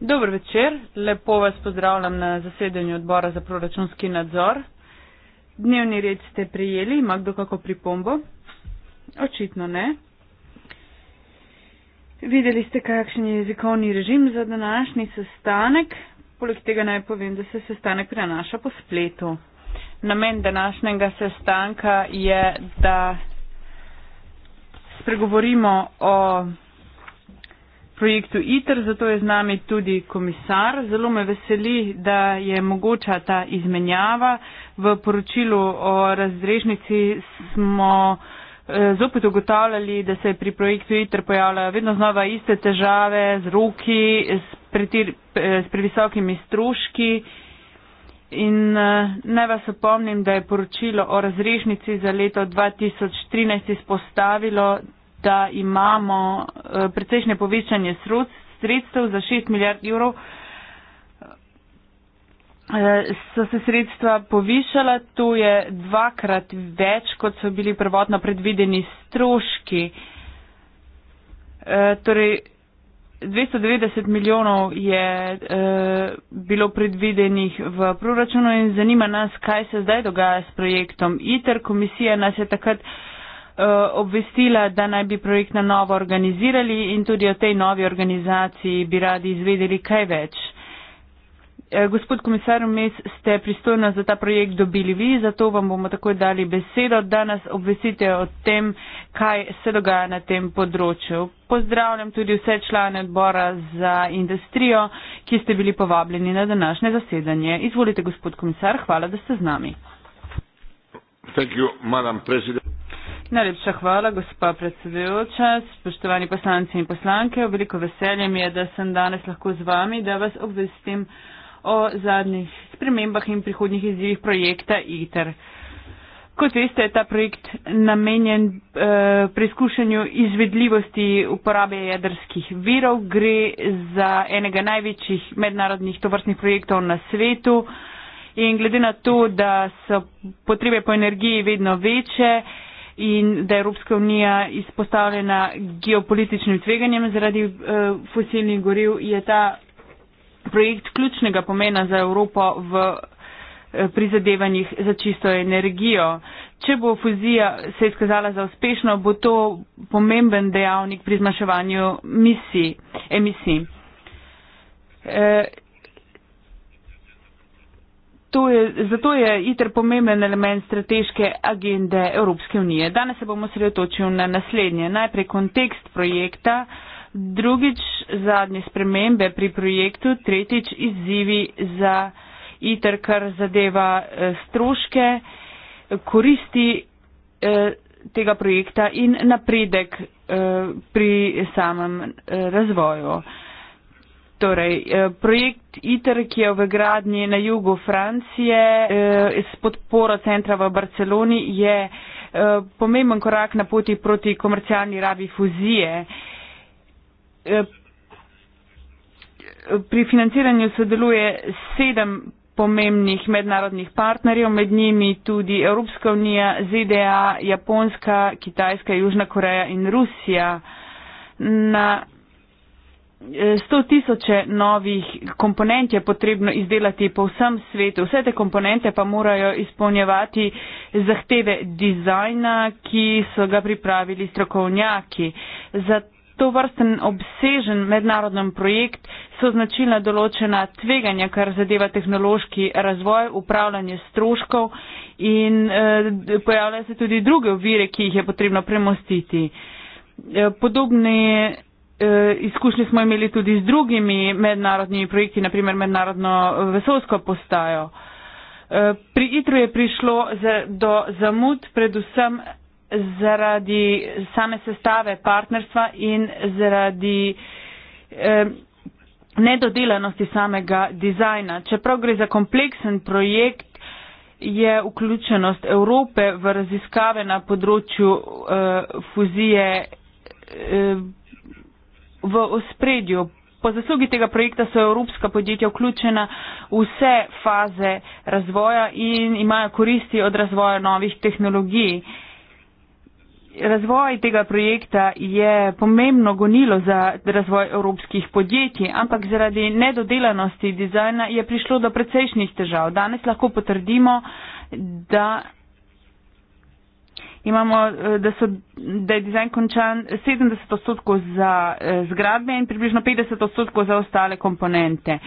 Dober večer, lepo vas pozdravljam na zasedanju odbora za proračunski nadzor. Dnevni red ste prijeli, ima kdo kako pripombo? Očitno ne. Videli ste, kakšen je jezikovni režim za današnji sestanek. Poleg tega naj povem, da se sestanek prenaša po spletu. Namen današnjega sestanka je, da spregovorimo o projektu ITER, zato je z nami tudi komisar. Zelo me veseli, da je mogoča ta izmenjava. V poročilu o razrežnici smo eh, zopet ugotavljali, da se je pri projektu ITER pojavljajo vedno znova iste težave z roki, s, pretir, eh, s previsokimi stroški. In eh, naj vas opomnim, da je poročilo o razrešnici za leto 2013 izpostavilo da imamo eh, precejšnje povečanje sredstev za 6 milijard evrov. Eh, so se sredstva povišala, to je dvakrat več, kot so bili prvotno predvideni stroški. Eh, torej, 290 milijonov je bilo predvidenih v proračunu in zanima nas, kaj se zdaj dogaja s projektom ITER. Komisija nas je takrat Eh, obvestila, da naj bi projekt na novo organizirali in tudi o tej novi organizaciji bi radi izvedeli kaj več. Eh, gospod komisar, vmes ste pristojna za ta projekt dobili vi, zato vam bomo takoj dali besedo, da nas obvestite o tem, kaj se dogaja na tem področju. Pozdravljam tudi vse člane odbora za industrijo, ki ste bili povabljeni na današnje zasedanje. Izvolite, gospod komisar, hvala, da ste z nami. You, Najlepša hvala, gospa predsedujoča. Spoštovani poslanci in poslanke, veliko veselje mi je, da sem danes lahko z vami, da vas obvestim o zadnjih spremembah in prihodnjih izzivih projekta ITER. Kot veste, je ta projekt namenjen eh, preizkušanju izvedljivosti uporabe jedrskih virov. Gre za enega največjih mednarodnih tovrstnih projektov na svetu. In glede na to, da so potrebe po energiji vedno večje, eh, in da je Evropska unija izpostavljena geopolitičnim tveganjem zaradi uh, fosilnih goril, je ta projekt ključnega pomena za Evropo v eh, prizadevanjih za čisto energijo. Če bo fuzija se izkazala za uspešno, bo to pomemben dejavnik pri zmanjševanju emisij. Eh, je, zato je ITER pomemben element strateške agende Evropske unije. Danes se bomo sredotočili na naslednje. Najprej kontekst projekta, drugič zadnje spremembe pri projektu, tretjič izzivi za ITER, kar zadeva eh, stroške, koristi eh, tega projekta in napredek eh, pri samem razvoju. Torej, eh, projekt ITER, ki je v gradnji na jugu Francije eh, s podporo centra v Barceloni, je eh, pomemben korak na poti proti komercialni rabi fuzije. Pri financiranju sodeluje sedem pomembnih mednarodnih partnerjev, med njimi tudi Evropska unija, ZDA, Japonska, Kitajska, Južna Koreja in Rusija. Na 100 tisoče novih komponent je potrebno izdelati po vsem svetu. Vse te komponente pa morajo izpolnjevati zahteve dizajna, ki so ga pripravili strokovnjaki. Za to vrsten obsežen mednarodni projekt so značilna določena tveganja, kar zadeva tehnološki razvoj, upravljanje stroškov in eh, pojavljajo se tudi druge ovire, ki jih je potrebno premostiti. Eh, podobne Eh, izkušnje smo imeli tudi z drugimi mednarodnimi projekti, naprimer mednarodno eh, vesolsko postajo. Eh, pri ITRU je prišlo do zamud predvsem zaradi same sestave partnerstva in zaradi nedodelanosti samega dizajna. Čeprav gre za kompleksen projekt, je vključenost Evrope v raziskave na področju uh, fuzije uh, v ospredju. Po zaslugi tega projekta so evropska podjetja vključena v vse faze razvoja in imajo koristi od razvoja novih tehnologij. Razvoj tega projekta je pomembno gonilo za razvoj evropskih podjetij, ampak zaradi nedodelanosti dizajna je prišlo do precejšnjih težav. Danes lahko potrdimo, da imamo, eh, da, so, da je dizajn končan 70 odstotkov za eh, zgradbe in približno 50 odstotkov za ostale komponente.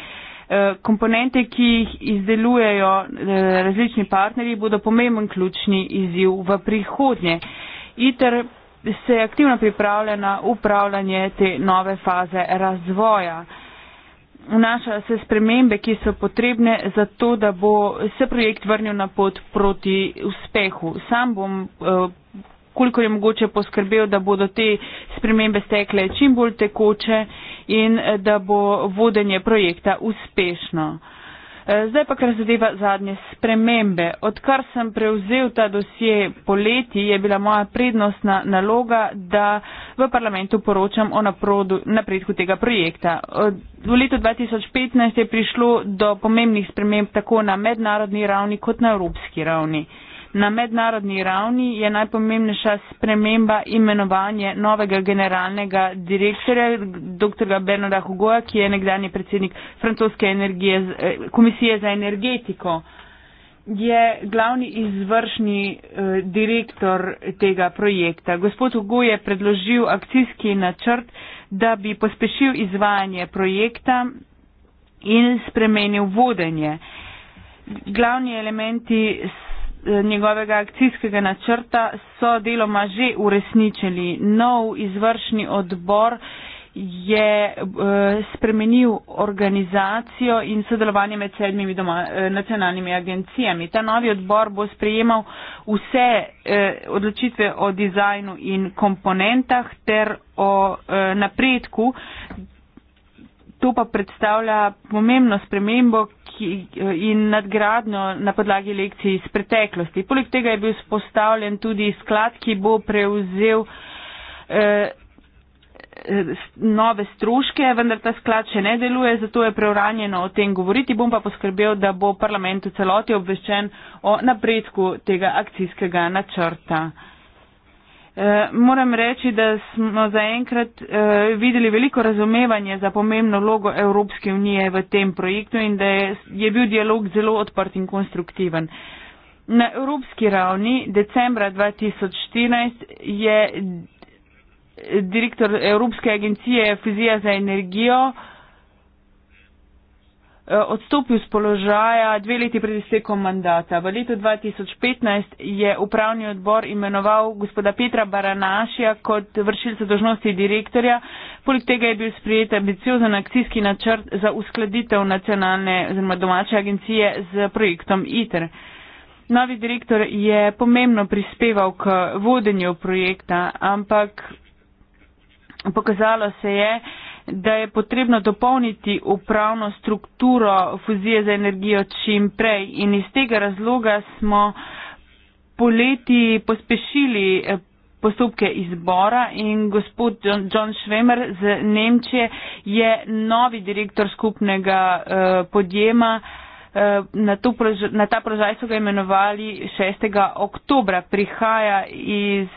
Eh, komponente, ki jih izdelujejo različni partnerji, bodo pomemben ključni izziv v prihodnje. ITER se je aktivno pripravljena upravljanje te nove faze razvoja vnašajo se spremembe, ki so potrebne za to, da bo se projekt vrnil na pot proti uspehu. Sam bom, eh, kolikor je mogoče, poskrbel, da bodo te spremembe stekle čim bolj tekoče in eh, da bo vodenje projekta uspešno. Eh, zdaj pa kar zadeva zadnje spremembe. Odkar sem prevzel ta dosje poleti, je bila moja prednostna naloga, da v parlamentu poročam o napredku tega projekta. V letu 2015 je prišlo do pomembnih sprememb tako na mednarodni ravni kot na evropski ravni. Na mednarodni ravni je najpomembnejša sprememba imenovanje novega generalnega direktorja, dr. Bernarda Hugoja, ki je nekdani predsednik Francoske energije, eh, komisije za energetiko. Je glavni izvršni eh, direktor tega projekta. Gospod Hugo je predložil akcijski načrt, da bi pospešil izvajanje projekta in spremenil vodenje. Glavni elementi njegovega akcijskega načrta so deloma že uresničili. Nov izvršni odbor je eh, spremenil organizacijo in sodelovanje med sedmimi doma, eh, nacionalnimi agencijami. Ta novi odbor bo sprejemal vse eh, odločitve o dizajnu in komponentah ter o napredku To pa predstavlja pomembno spremembo ki, in nadgradno na podlagi lekcij iz preteklosti. Poleg tega je bil spostavljen tudi sklad, ki bo prevzel eh, eh, nove stroške, vendar ta sklad še ne deluje, zato je preuranjeno o tem govoriti. Bom pa poskrbel, da bo parlament v celoti obveščen o napredku tega akcijskega načrta. Eh, moram reči, da smo zaenkrat eh, videli veliko razumevanje za pomembno logo Evropske unije v tem projektu in da je bil dialog zelo odprt in konstruktiven. Na evropski ravni decembra 2014 je direktor Evropske agencije Fizija za energijo Eh, odstopil z položaja dve leti pred iztekom mandata. V letu 2015 je upravni odbor imenoval gospoda Petra Baranašja kot vršilca dožnosti direktorja. Poleg tega je bil sprejet ambiciozen akcijski načrt za uskladitev nacionalne oziroma domače agencije z projektom ITER. Novi direktor je pomembno prispeval k vodenju projekta, ampak pokazalo se je, da je potrebno dopolniti upravno strukturo fuzije za energijo čim prej. In iz tega razloga smo poleti pospešili eh, postopke izbora in gospod John Schwemer z Nemčije je novi direktor skupnega eh, podjema. Eh, na, prož na ta prožaj so ga imenovali 6. oktobra. Prihaja iz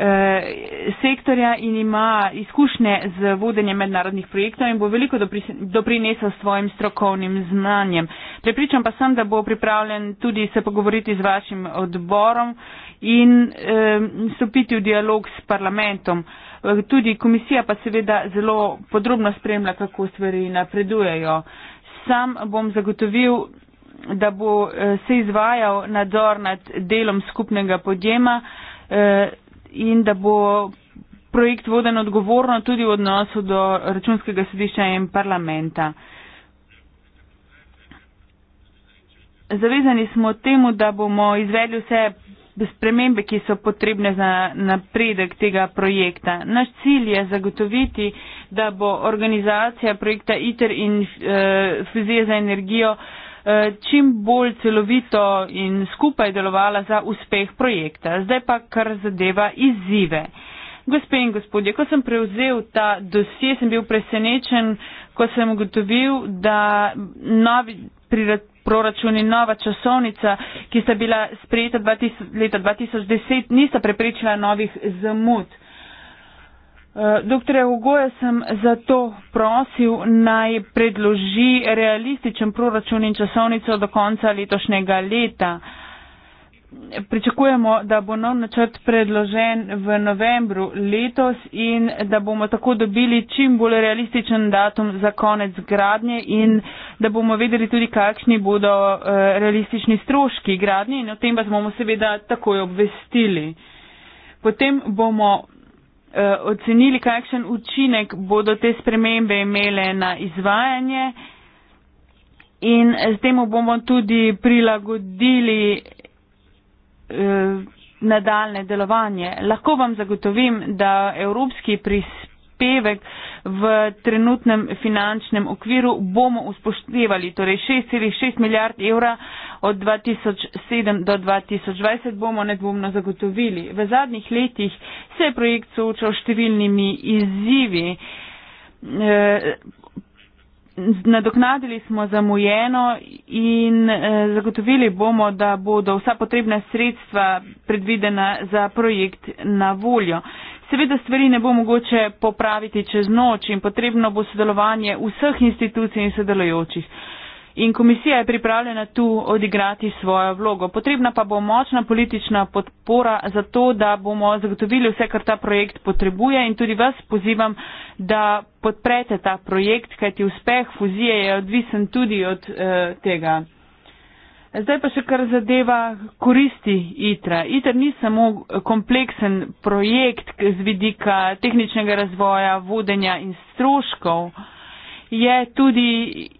Eh, sektorja in ima izkušnje z vodenjem mednarodnih projektov in bo veliko doprinesel svojim strokovnim znanjem. Prepričam pa sem, da bo pripravljen tudi se pogovoriti z vašim odborom in eh, stopiti v dialog s parlamentom. Eh, tudi komisija pa seveda zelo podrobno spremlja, kako stvari napredujejo. Sam bom zagotovil, da bo eh, se izvajal nadzor nad delom skupnega podjema. Eh, in da bo projekt voden odgovorno tudi v odnosu do računskega sodišča in parlamenta. Zavezani smo temu, da bomo izvedli vse spremembe, ki so potrebne za napredek tega projekta. Naš cilj je zagotoviti, da bo organizacija projekta ITER in e, eh, Fizija za energijo Eh, čim bolj celovito in skupaj delovala za uspeh projekta. Zdaj pa kar zadeva izzive. Gospe in gospodje, ko sem prevzel ta dosje, sem bil presenečen, ko sem ugotovil, da novi proračuni, nova časovnica, ki sta bila sprejeta 20, leta 2010, nista preprečila novih zamud. Doktore Ugoja sem zato prosil naj predloži realističen proračun in časovnico do konca letošnjega leta. Pričakujemo, da bo nov načrt predložen v novembru letos in da bomo tako dobili čim bolj realističen datum za konec gradnje in da bomo vedeli tudi, kakšni bodo eh, realistični stroški gradnje in o tem vas bomo seveda takoj obvestili. Potem bomo Eh, ocenili, kakšen učinek bodo te spremembe imele na izvajanje in s temu bomo tudi prilagodili eh, nadaljne delovanje. Lahko vam zagotovim, da evropski prispevek v trenutnem finančnem okviru bomo uspoštevali. Torej 6,6 milijard evra od 2007 do 2020 bomo nedvomno zagotovili. V zadnjih letih se je projekt soočal številnimi izzivi. Eh, nadoknadili smo zamujeno in eh, zagotovili bomo, da bodo vsa potrebna sredstva predvidena za projekt na voljo. Seveda stvari ne bo mogoče popraviti čez noč in potrebno bo sodelovanje vseh institucij in sodelujočih. In komisija je pripravljena tu odigrati svojo vlogo. Potrebna pa bo močna politična podpora za to, da bomo zagotovili vse, kar ta projekt potrebuje in tudi vas pozivam, da podprete ta projekt, kajti uspeh fuzije je odvisen tudi od eh, tega. Zdaj pa še kar zadeva koristi ITRA. ITR ni samo kompleksen projekt z vidika tehničnega razvoja, vodenja in stroškov, je tudi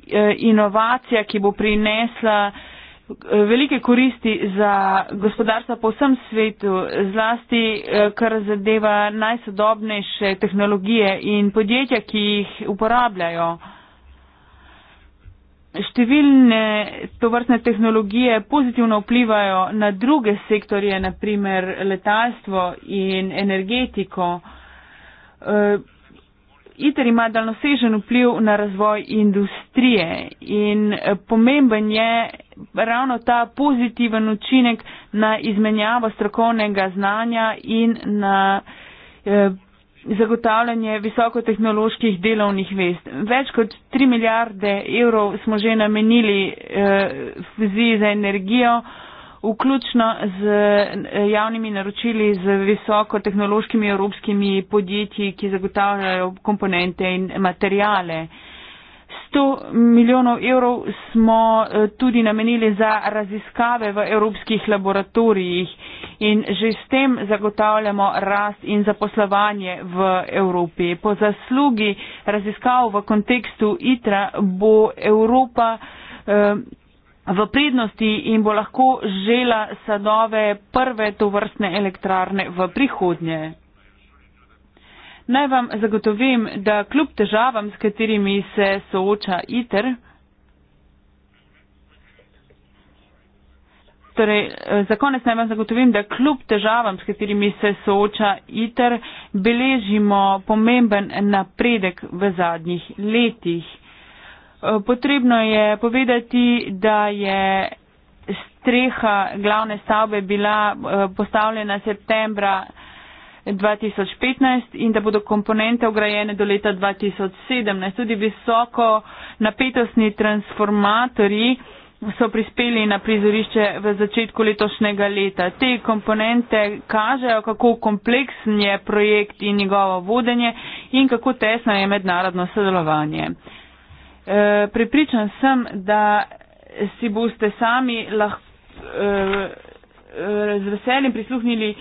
eh, inovacija, ki bo prinesla eh, velike koristi za gospodarstva po vsem svetu, zlasti eh, kar zadeva najsodobnejše tehnologije in podjetja, ki jih uporabljajo številne tovrstne tehnologije pozitivno vplivajo na druge sektorje, naprimer letalstvo in energetiko. Eh, ITER ima daljnosežen vpliv na razvoj industrije in eh, pomemben je ravno ta pozitiven učinek na izmenjavo strokovnega znanja in na eh, zagotavljanje visokotehnoloških delovnih vest. Več kot 3 milijarde evrov smo že namenili eh, fuziji za energijo, vključno z eh, javnimi naročili z visokotehnološkimi evropskimi podjetji, ki zagotavljajo komponente in materijale. Eh, 100 milijonov evrov smo eh, tudi namenili za raziskave v evropskih laboratorijih in že s tem zagotavljamo rast in zaposlovanje v Evropi. Po zaslugi raziskav v kontekstu ITRA bo Evropa eh, v prednosti in bo lahko žela sadove prve tovrstne elektrarne v prihodnje. Naj vam zagotovim, da kljub težavam, s katerimi se sooča ITER, Torej, eh, za konec naj vam zagotovim, da kljub težavam, s katerimi se sooča ITER, beležimo pomemben napredek v zadnjih letih. Eh, potrebno je povedati, da je streha glavne stavbe bila eh, postavljena septembra 2015 in da bodo komponente ugrajene do leta 2017. Tudi visoko napetostni transformatorji so prispeli na prizorišče v začetku letošnjega leta. Te komponente kažejo, kako kompleksen je projekt in njegovo vodenje in kako tesno je mednarodno sodelovanje. E, pripričan sem, da si boste sami lahko e, e, z veseljem prisluhnili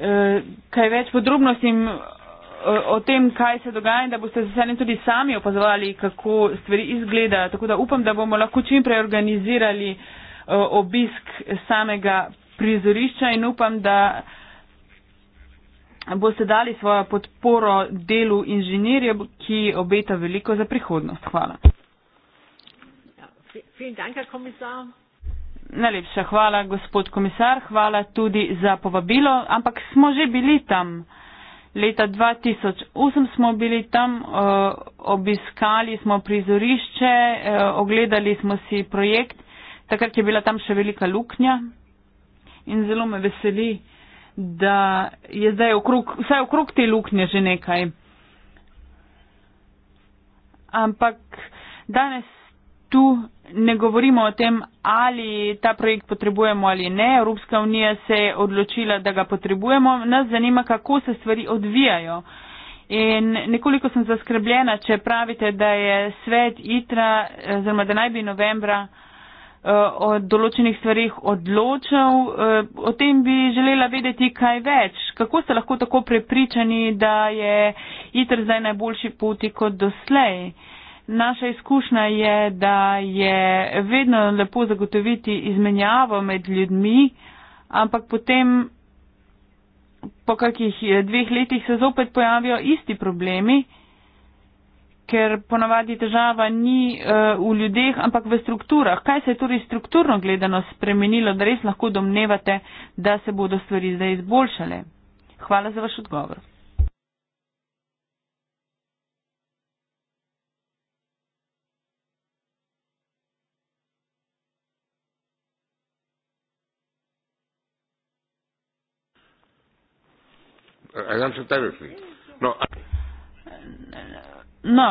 Eh, kaj več podrobnostim eh, o tem, kaj se dogaja in da boste se sami tudi sami opazovali, kako stvari izgledajo. Tako da upam, da bomo lahko čim prej organizirali eh, obisk samega prizorišča in upam, da boste dali svojo podporo delu inženirjev, ki obeta veliko za prihodnost. Hvala. Ja, vielen Dank, Herr Kommissar. Najlepša hvala, gospod komisar. Hvala tudi za povabilo. Ampak smo že bili tam. Leta 2008 smo bili tam, eh, obiskali smo prizorišče, eh, ogledali smo si projekt. Takrat je bila tam še velika luknja in zelo me veseli, da je zdaj okrog, vsaj okrog te luknje že nekaj. Ampak danes tu ne govorimo o tem, ali ta projekt potrebujemo ali ne. Evropska unija se je odločila, da ga potrebujemo. Nas zanima, kako se stvari odvijajo. In nekoliko sem zaskrbljena, če pravite, da je svet ITRA, oziroma da naj bi novembra eh, o določenih stvarih odločal. Eh, o tem bi želela vedeti kaj več. Kako ste lahko tako prepričani, da je ITR zdaj najboljši poti kot doslej? Naša izkušnja je, da je vedno lepo zagotoviti izmenjavo med ljudmi, ampak potem po kakih eh, dveh letih se zopet pojavijo isti problemi, ker ponavadi težava ni uh, v ljudeh, ampak v strukturah. Kaj se je torej strukturno gledano spremenilo, da res lahko domnevate, da se bodo stvari zdaj izboljšale? Hvala za vaš odgovor. I answer directly. No. no.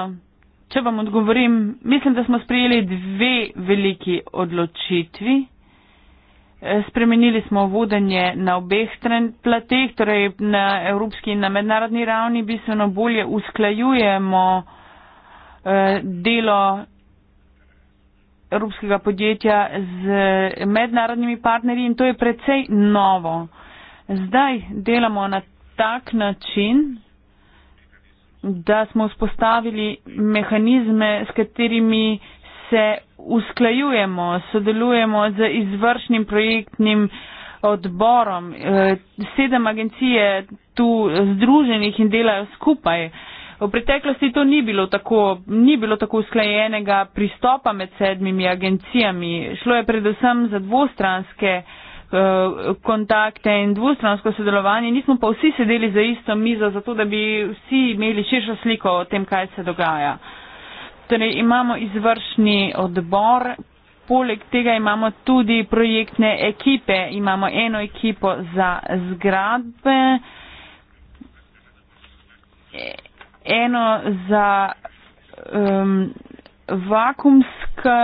Če vam odgovorim, mislim, da smo sprejeli dve veliki odločitvi. E, spremenili smo vodenje na obeh plateh, torej na evropski in na mednarodni ravni, bistveno bolje usklajujemo e, delo evropskega podjetja z mednarodnimi partnerji in to je precej novo. Zdaj delamo na tak način, da smo vzpostavili mehanizme, s katerimi se usklajujemo, sodelujemo z izvršnim projektnim odborom. Eh, sedem agencij je tu združenih in delajo skupaj. V preteklosti to ni bilo tako, ni bilo tako usklajenega pristopa med sedmimi agencijami. Šlo je predvsem za dvostranske. Eh, kontakte in dvustransko sodelovanje, nismo pa vsi sedeli za isto mizo, zato da bi vsi imeli širšo sliko o tem, kaj se dogaja. Torej, imamo izvršni odbor, poleg tega imamo tudi projektne ekipe, imamo eno ekipo za zgradbe, eno za um, vakumska,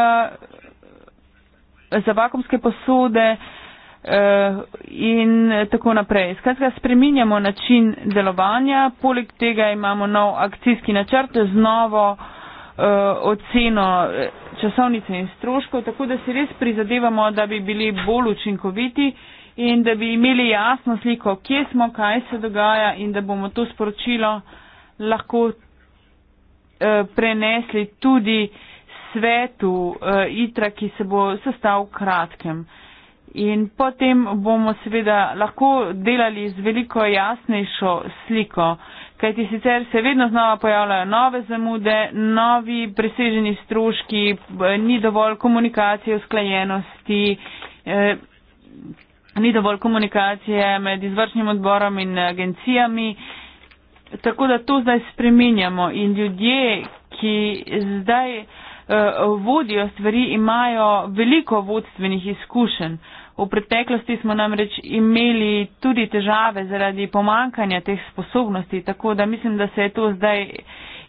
za vakumske posode, uh, Eh, in tako naprej. Skratka, spreminjamo način delovanja, poleg tega imamo nov akcijski načrt z novo uh, oceno eh, časovnice in stroškov, tako da si res prizadevamo, da bi bili bolj učinkoviti in da bi imeli jasno sliko, kje smo, kaj se dogaja in da bomo to sporočilo lahko prenesli tudi svetu ITRA, ki se bo sestav v kratkem in potem bomo seveda lahko delali z veliko jasnejšo sliko, kajti sicer se vedno znova pojavljajo nove zamude, novi preseženi stroški, ni dovolj komunikacije o sklajenosti, eh, ni dovolj komunikacije med izvršnim odborom in agencijami. Tako da to zdaj spreminjamo in ljudje, ki zdaj eh, vodijo stvari, imajo veliko vodstvenih izkušenj. V preteklosti smo namreč imeli tudi težave zaradi pomankanja teh sposobnosti, tako da mislim, da se je to zdaj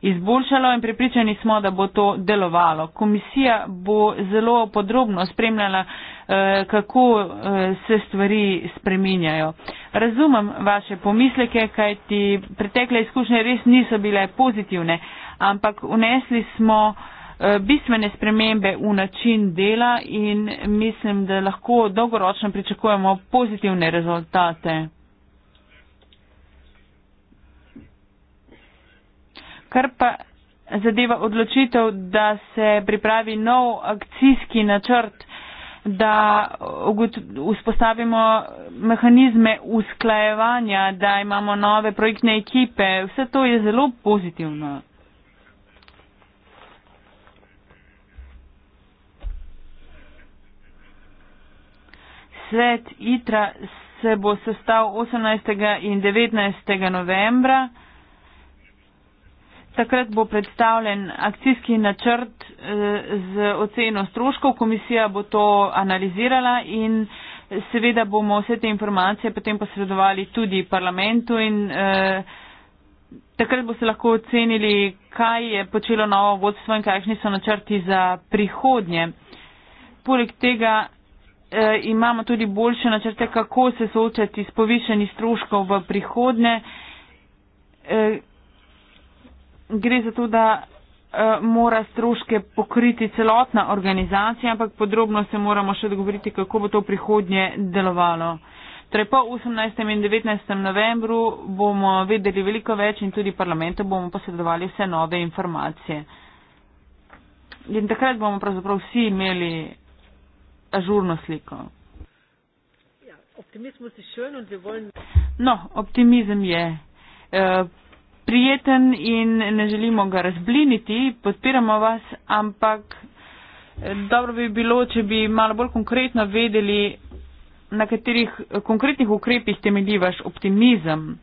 izboljšalo in pripričani smo, da bo to delovalo. Komisija bo zelo podrobno spremljala, eh, kako eh, se stvari spreminjajo. Razumem vaše pomisleke, kajti pretekle izkušnje res niso bile pozitivne, ampak unesli smo. Eh, bistvene spremembe v način dela in mislim, da lahko dolgoročno pričakujemo pozitivne rezultate. Kar pa zadeva odločitev, da se pripravi nov akcijski načrt, da vzpostavimo mehanizme usklajevanja, da imamo nove projektne ekipe, vse to je zelo pozitivno. svet ITRA se bo sestal 18. in 19. novembra. Takrat bo predstavljen akcijski načrt eh, z oceno stroškov, komisija bo to analizirala in seveda bomo vse te informacije potem posredovali tudi parlamentu in eh, takrat bo se lahko ocenili, kaj je počelo novo vodstvo in kakšni so načrti za prihodnje. Poleg tega eh, imamo tudi boljše načrte, kako se soočati s povišeni stroškov v prihodne. Eh, gre za to, da e, mora stroške pokriti celotna organizacija, ampak podrobno se moramo še dogovoriti, kako bo to prihodnje delovalo. Torej po 18. in 19. novembru bomo vedeli veliko več in tudi parlamentu bomo posredovali vse nove informacije. In takrat bomo pravzaprav vsi imeli ažurno sliko. Ja, no, optimizem je eh, prijeten in ne želimo ga razbliniti, podpiramo vas, ampak eh, dobro bi bilo, če bi malo bolj konkretno vedeli, na katerih konkretnih ukrepih temelji vaš optimizem.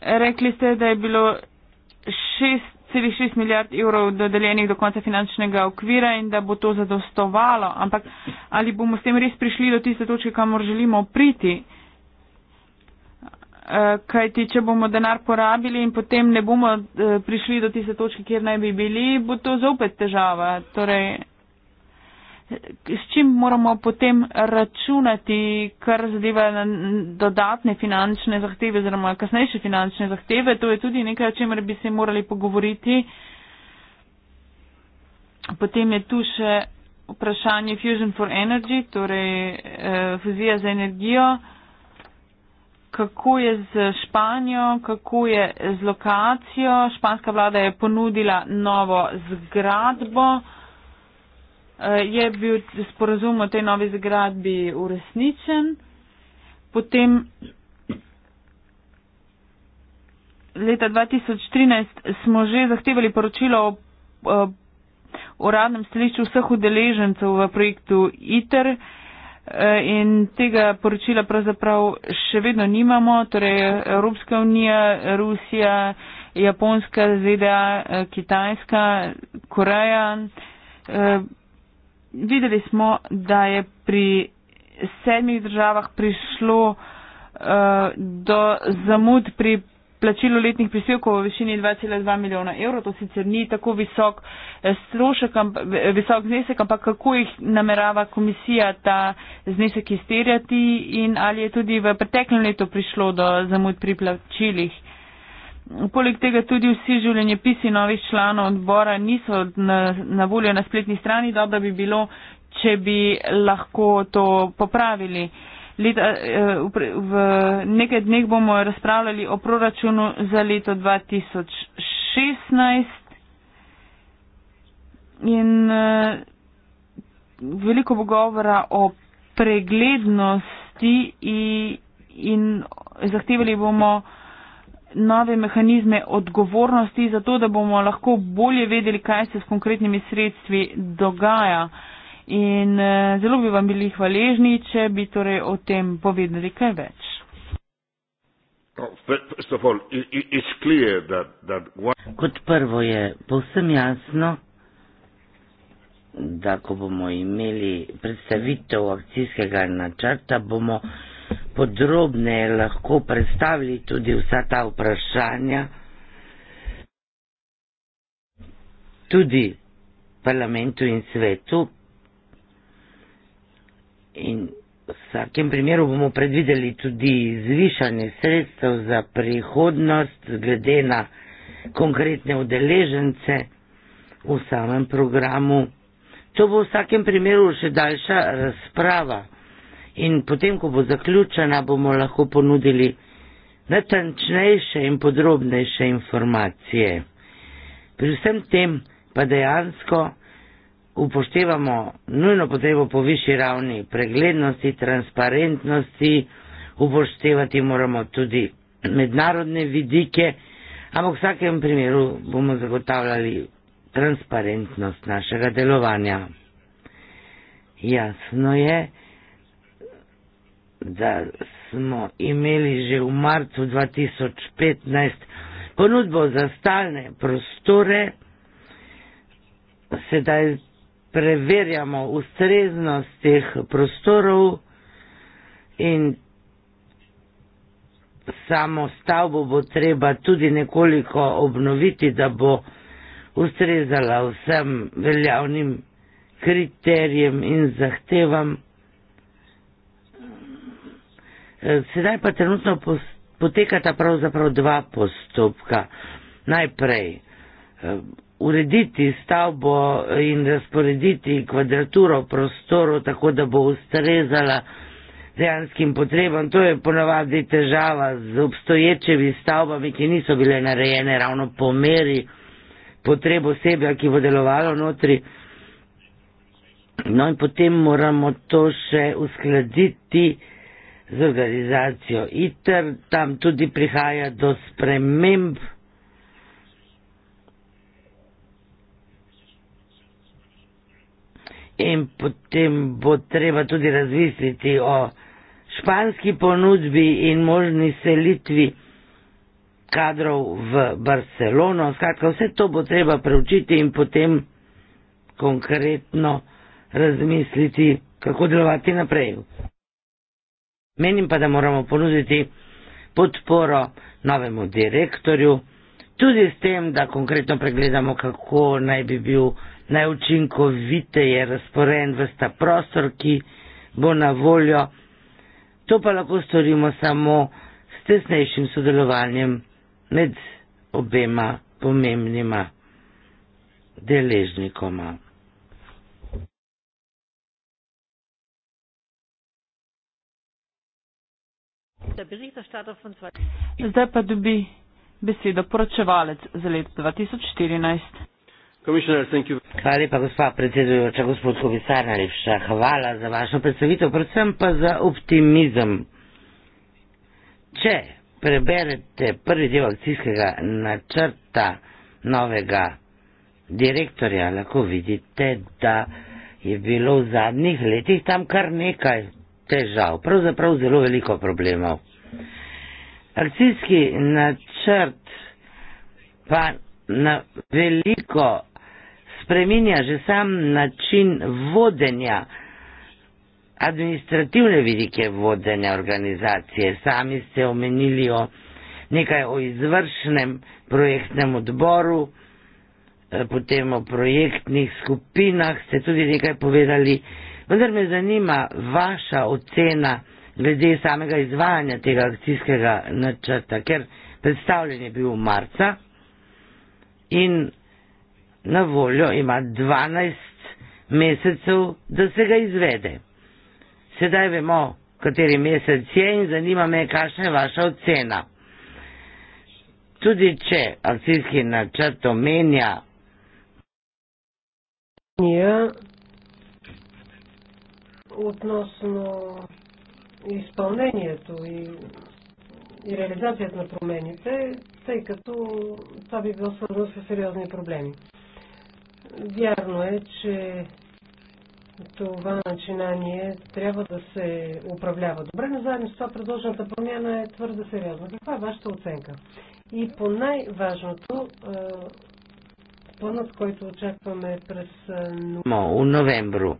Rekli ste, da je bilo šest 6,6 milijard evrov dodeljenih do konca finančnega okvira in da bo to zadostovalo. Ampak ali bomo s tem res prišli do tiste točke, kamor želimo priti? Eh, kajti, če bomo denar porabili in potem ne bomo eh, prišli do tiste točke, kjer naj bi bili, bo to zopet težava. Torej, s čim moramo potem računati, kar zadeva na dodatne finančne zahteve oziroma kasnejše finančne zahteve. To je tudi nekaj, o čemer bi se morali pogovoriti. Potem je tu še vprašanje Fusion for Energy, torej eh, fuzija za energijo. Kako je z Španijo, kako je z lokacijo? Španska vlada je ponudila novo zgradbo je bil sporozum o tej novi zgradbi uresničen. Potem leta 2013 smo že zahtevali poročilo o uradnem stališču vseh udeležencev v projektu ITER eh, in tega poročila pravzaprav še vedno nimamo, torej Evropska unija, Rusija, Japonska, ZDA, eh, Kitajska, Koreja. Eh, videli smo, da je pri sedmih državah prišlo eh, do zamud pri plačilu letnih prispevkov v višini 2,2 milijona evrov. To sicer ni tako visok, eh, strošek, eh, visok znesek, ampak kako jih namerava komisija ta znesek izterjati in ali je tudi v preteklem letu prišlo do zamud pri plačilih. Poleg tega tudi vsi življenjepisi novih članov odbora niso na, na voljo na spletni strani. Dobro bi bilo, če bi lahko to popravili. Leta, eh, v nekaj dneh bomo razpravljali o proračunu za leto 2016 in eh, veliko bo govora o preglednosti in, in zahtevali bomo nove mehanizme odgovornosti, zato da bomo lahko bolje vedeli, kaj se s konkretnimi sredstvi dogaja. In eh, zelo bi vam bili hvaležni, če bi torej o tem povedali kaj več. Oh, Kot prvo je povsem jasno, da ko bomo imeli predstavitev akcijskega načrta, bomo podrobneje lahko predstavili tudi vsa ta vprašanja. Tudi parlamentu in svetu. In v vsakem primeru bomo predvideli tudi zvišanje sredstev za prihodnost, glede na konkretne udeležence v samem programu. To bo v vsakem primeru še daljša razprava in potem, ko bo zaključena, bomo lahko ponudili natančnejše in podrobnejše informacije. Pri vsem tem pa dejansko upoštevamo nujno potrebo po višji ravni preglednosti, transparentnosti, upoštevati moramo tudi mednarodne vidike, ampak v vsakem primeru bomo zagotavljali transparentnost našega delovanja. Jasno je, da smo imeli že v marcu 2015 ponudbo za stalne prostore, sedaj preverjamo ustreznost teh prostorov in samo stavbo bo treba tudi nekoliko obnoviti, da bo ustrezala vsem veljavnim kriterijem in zahtevam. Eh, sedaj pa trenutno potekata pravzaprav dva postopka. Najprej eh, urediti stavbo in razporediti kvadraturo prostoru tako, da bo ustrezala dejanskim potrebam. To je ponavadi težava z obstoječimi stavbami, ki niso bile narejene ravno po meri potreb osebja, ki bo delovalo notri. No in potem moramo to še uskladiti z organizacijo ITER, tam tudi prihaja do sprememb. In potem bo treba tudi razmisliti o španski ponudbi in možni selitvi kadrov v Barcelono. Skratka, vse to bo treba preučiti in potem konkretno razmisliti, kako delovati naprej. Menim pa, da moramo ponuditi podporo novemu direktorju, tudi s tem, da konkretno pregledamo, kako naj bi bil najučinkoviteje razporen vrsta prostor, ki bo na voljo. To pa lahko storimo samo s tesnejšim sodelovanjem med obema pomembnima deležnikoma. Zdaj pa dobi besedo poročevalec za leto 2014. Hvala lepa, gospod predsedujoča, gospod komisar, najlepša hvala za vašo predstavitev, predvsem pa za optimizem. Če preberete prvi del akcijskega načrta novega direktorja, lahko vidite, da je bilo v zadnjih letih tam kar nekaj težav, pravzaprav zelo veliko problemov. Akcijski načrt pa na veliko spreminja že sam način vodenja, administrativne vidike vodenja organizacije. Sami ste omenili o nekaj o izvršnem projektnem odboru, eh, potem o projektnih skupinah, ste tudi nekaj povedali. Vendar me zanima vaša ocena glede samega izvajanja tega akcijskega načrta, ker predstavljen je bil v marca in na voljo ima 12 mesecev, da se ga izvede. Sedaj vemo, kateri mesec je in zanima me, kakšna je vaša ocena. Tudi če akcijski načrt omenja. Ja, относно изпълнението и, и реализацията на промените, тъй като това би било свързано с сериозни проблеми. Вярно е, че това начинание трябва да се управлява добре, но заедно с това предложената промяна е твърде сериозна. Каква е вашата оценка? И по най-важното, планът, който очакваме през... Мо, у новембру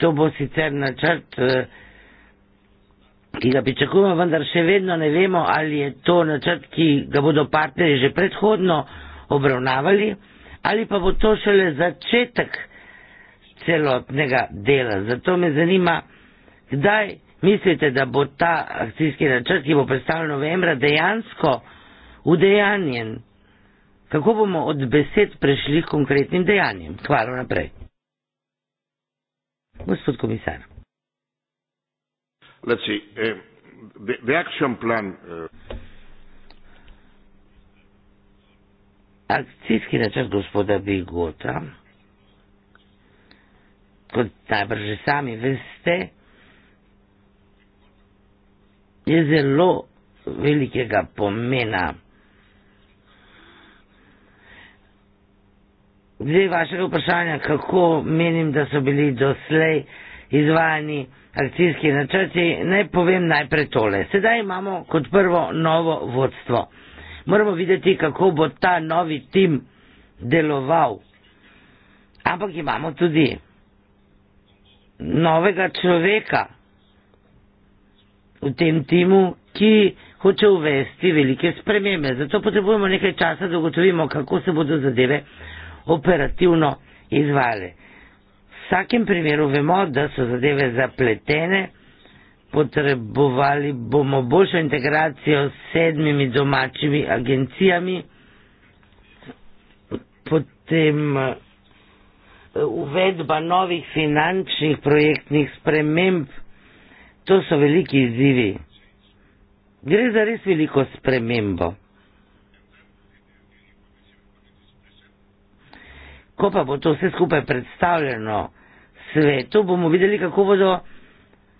to bo sicer načrt, eh, ki ga pričakujemo, vendar še vedno ne vemo, ali je to načrt, ki ga bodo partnerji že predhodno obravnavali, ali pa bo to šele začetek celotnega dela. Zato me zanima, kdaj mislite, da bo ta akcijski načrt, ki bo predstavljen novembra, dejansko udejanjen. Kako bomo od besed prešli k konkretnim dejanjem? Hvala naprej gospod komisar. Let's see. Uh, the, the action plan. Uh... Akcijski načrt gospoda Bigota, kot najbrž sami veste, je zelo velikega pomena. Zdaj vašega vprašanja, kako menim, da so bili doslej izvajani akcijski načrti, naj povem najprej tole. Sedaj imamo kot prvo novo vodstvo. Moramo videti, kako bo ta novi tim deloval. Ampak imamo tudi novega človeka v tem timu, ki hoče uvesti velike spremembe. Zato potrebujemo nekaj časa, da ugotovimo, kako se bodo zadeve operativno izvale. V vsakem primeru vemo, da so zadeve zapletene, potrebovali bomo boljšo integracijo s sedmimi domačimi agencijami, potem eh, uvedba novih finančnih projektnih sprememb, to so veliki izzivi. Gre za res veliko spremembo. ko pa bo to vse skupaj predstavljeno svetu, bomo videli, kako, bodo,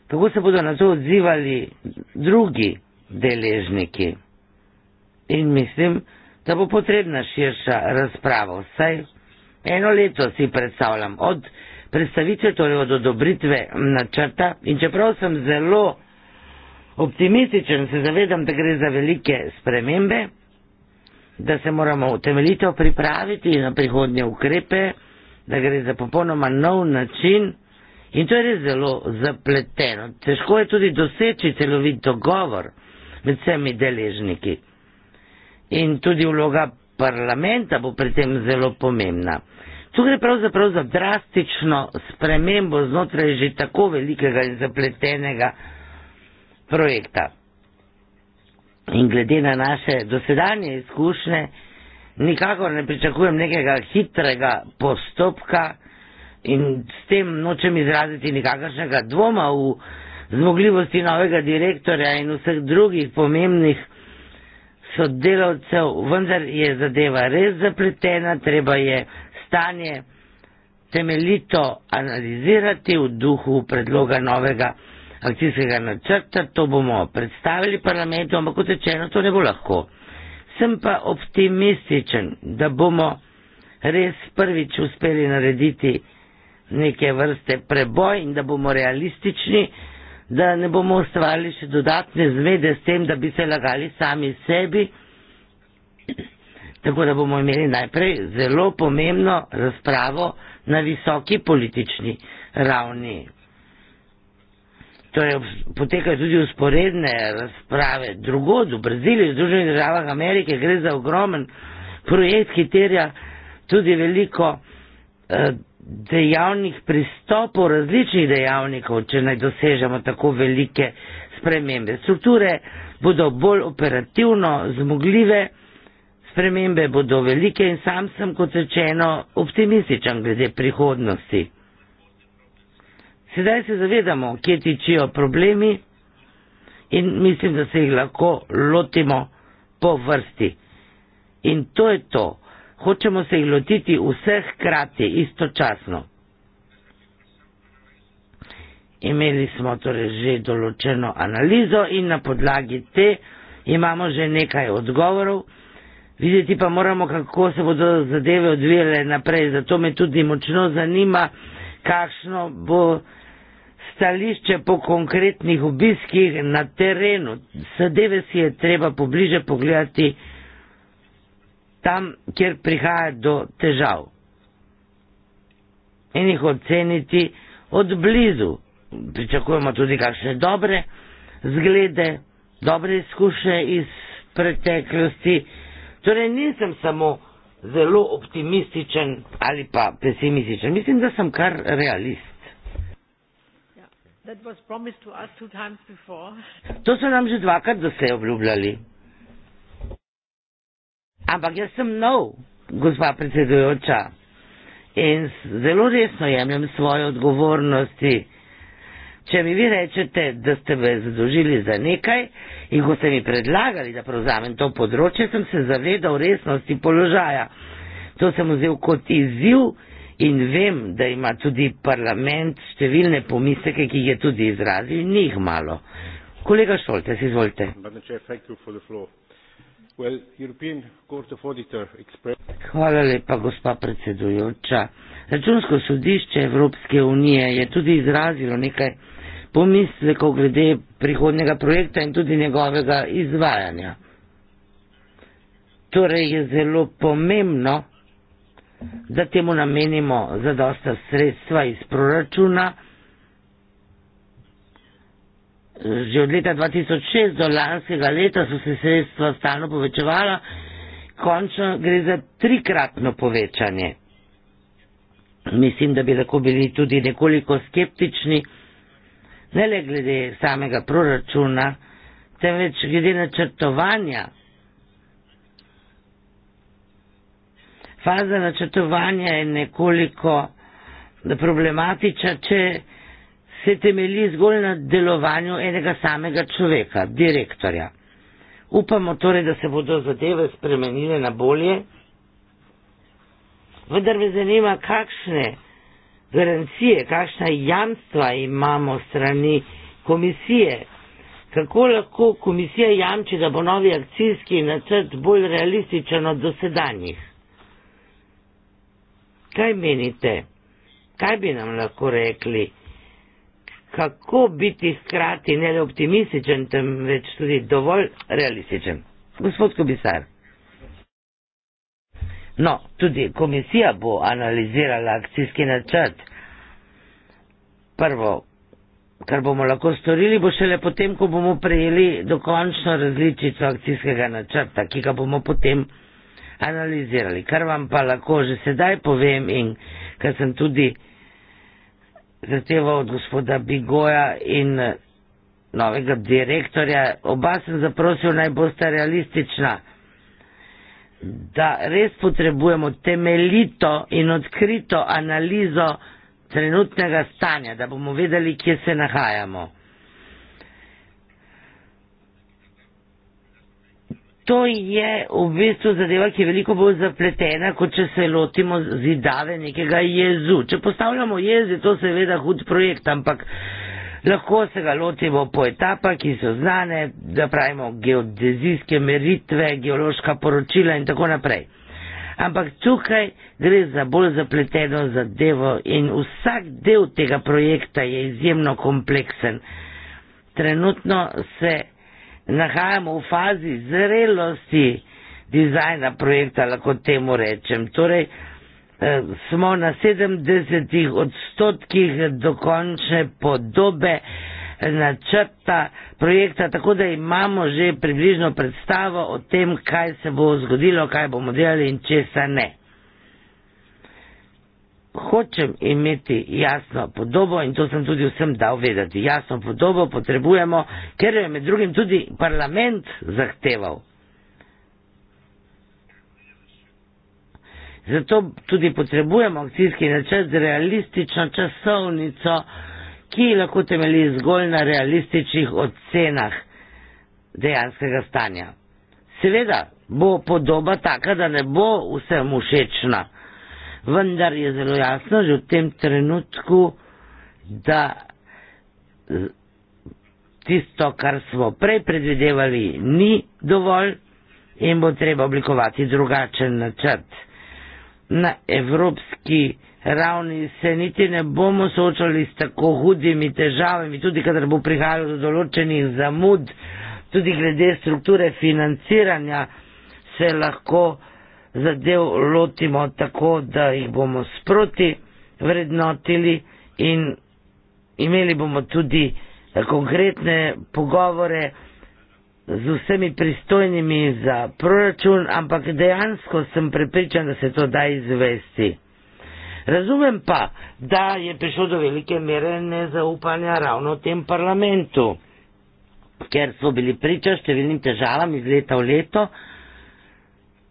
kako se bodo na to odzivali drugi deležniki. In mislim, da bo potrebna širša razprava. Vsaj eno leto si predstavljam, od predstavitve torej od odobritve načrta. In čeprav sem zelo optimističen, se zavedam, da gre za velike spremembe da se moramo utemeljito pripraviti na prihodnje ukrepe, da gre za popolnoma nov način in to je res zelo zapleteno. Težko je tudi doseči celovit dogovor med vsemi deležniki. In tudi vloga parlamenta bo pri tem zelo pomembna. Tu gre pravzaprav za drastično spremembo znotraj že tako velikega in zapletenega projekta in glede na naše dosedanje izkušnje, nikakor ne pričakujem nekega hitrega postopka in s tem nočem izraziti nikakršnega dvoma v zmogljivosti novega direktorja in vseh drugih pomembnih sodelavcev, vendar je zadeva res zapletena, treba je stanje temeljito analizirati v duhu predloga novega direktorja akcijskega načrta, to bomo predstavili parlamentu, ampak kot rečeno, to ne bo lahko. Sem pa optimističen, da bomo res prvič uspeli narediti neke vrste preboj in da bomo realistični, da ne bomo ustvarjali še dodatne zmede s tem, da bi se lagali sami sebi. Tako da bomo imeli najprej zelo pomembno razpravo na visoki politični ravni. Torej, potekajo tudi usporedne razprave drugod, v Braziliji, v Združenih državah Amerike, gre za ogromen projekt, ki terja tudi veliko eh, dejavnih pristopov, različnih dejavnikov, če naj dosežemo tako velike spremembe. Strukture bodo bolj operativno zmogljive, spremembe bodo velike in sam sem, kot rečeno, optimističen glede prihodnosti. Sedaj se zavedamo, kje tičijo problemi in mislim, da se jih lahko lotimo po vrsti. In to je to. Hočemo se jih lotiti vseh krati, istočasno. Imeli smo torej že določeno analizo in na podlagi te imamo že nekaj odgovorov. Videti pa moramo, kako se bodo zadeve odvijale naprej. Zato me tudi močno zanima, kakšno bo stališče po konkretnih obiskih na terenu. Sedeve si je treba pobliže pogledati tam, kjer prihaja do težav. In jih oceniti od blizu. Pričakujemo tudi kakšne dobre zglede, dobre izkušnje iz preteklosti. Torej nisem samo zelo optimističen ali pa pesimističen. Mislim, da sem kar realist. To so nam že dvakrat zdaj obljubljali. Ampak jaz sem nov, gospa predsedujoča, in zelo resno jemljem svoje odgovornosti. Če mi vi rečete, da ste me zadožili za nekaj in ko ste mi predlagali, da prevzamem to področje, sem se zavedal resnosti položaja. To sem vzel kot izziv in vem, da ima tudi parlament številne pomisleke, ki jih je tudi izrazil, ni jih malo. Kolega Šolte, izvolite. Hvala lepa, gospa predsedujoča. Računsko sodišče Evropske unije je tudi izrazilo nekaj pomislekov glede prihodnega projekta in tudi njegovega izvajanja. Torej je zelo pomembno, zatem mu namenimo zadosta sredstva iz proračuna. Že od leta 2006 do lanskega leta so se sredstva stalno povečevala, končno gre za trikratno povečanje. Mislim, da bi lahko bili tudi nekoliko skeptični, ne le glede samega proračuna, temveč glede načrtovanja faza načrtovanja je nekoliko problematična, če se temelji zgolj na delovanju enega samega človeka, direktorja. Upamo torej, da se bodo zadeve spremenile na bolje, vendar me zanima, kakšne garancije, kakšna jamstva imamo strani komisije. Kako lahko komisija jamči, da bo novi akcijski načrt bolj realističen od dosedanjih? kaj menite, kaj bi nam lahko rekli, kako biti hkrati ne le optimističen, temveč tudi dovolj realističen. Gospod komisar. No, tudi komisija bo analizirala akcijski načrt. Prvo, kar bomo lahko storili, bo šele potem, ko bomo prejeli dokončno različico akcijskega načrta, ki ga bomo potem analizirali, kar vam pa lahko že sedaj povem in kar sem tudi zahteval od gospoda Bigoja in eh, novega direktorja. Oba sem zaprosil naj bosta realistična, da res potrebujemo temeljito in odkrito analizo trenutnega stanja, da bomo vedeli, kje se nahajamo. To je v bistvu zadeva, ki je veliko bolj zapletena, kot če se lotimo zidave nekega jezu. Če postavljamo jez, je to seveda hud projekt, ampak lahko se ga lotimo po etapah, ki so znane, da pravimo geodezijske meritve, geološka poročila in tako naprej. Ampak tukaj gre za bolj zapleteno zadevo in vsak del tega projekta je izjemno kompleksen. Trenutno se nahajamo v fazi zrelosti dizajna projekta, lahko temu rečem. Torej, eh, smo na 70 odstotkih dokončne podobe načrta projekta, tako da imamo že približno predstavo o tem, kaj se bo zgodilo, kaj bomo delali in česa ne hočem imeti jasno podobo in to sem tudi vsem dal vedeti. Jasno podobo potrebujemo, ker jo je med drugim tudi parlament zahteval. Zato tudi potrebujemo akcijski načrt z realistično časovnico, ki lahko temelji zgolj na realističnih ocenah dejanskega stanja. Seveda bo podoba taka, da ne bo vsem všečna vendar je zelo jasno že v tem trenutku, da eh, tisto, kar smo prej predvidevali, ni dovolj in bo treba oblikovati drugačen načrt. Na evropski ravni se niti ne bomo soočali s tako hudimi težavami, tudi kadar bo prihajalo do določenih zamud, tudi glede strukture financiranja se lahko zadev lotimo tako, da jih bomo sproti vrednotili in imeli bomo tudi eh, konkretne pogovore z vsemi pristojnimi za proračun, ampak dejansko sem prepričan, da se to da izvesti. Razumem pa, da je prišlo do velike mere nezaupanja ravno v tem parlamentu, ker so bili priča številnim težavam iz leta v leto,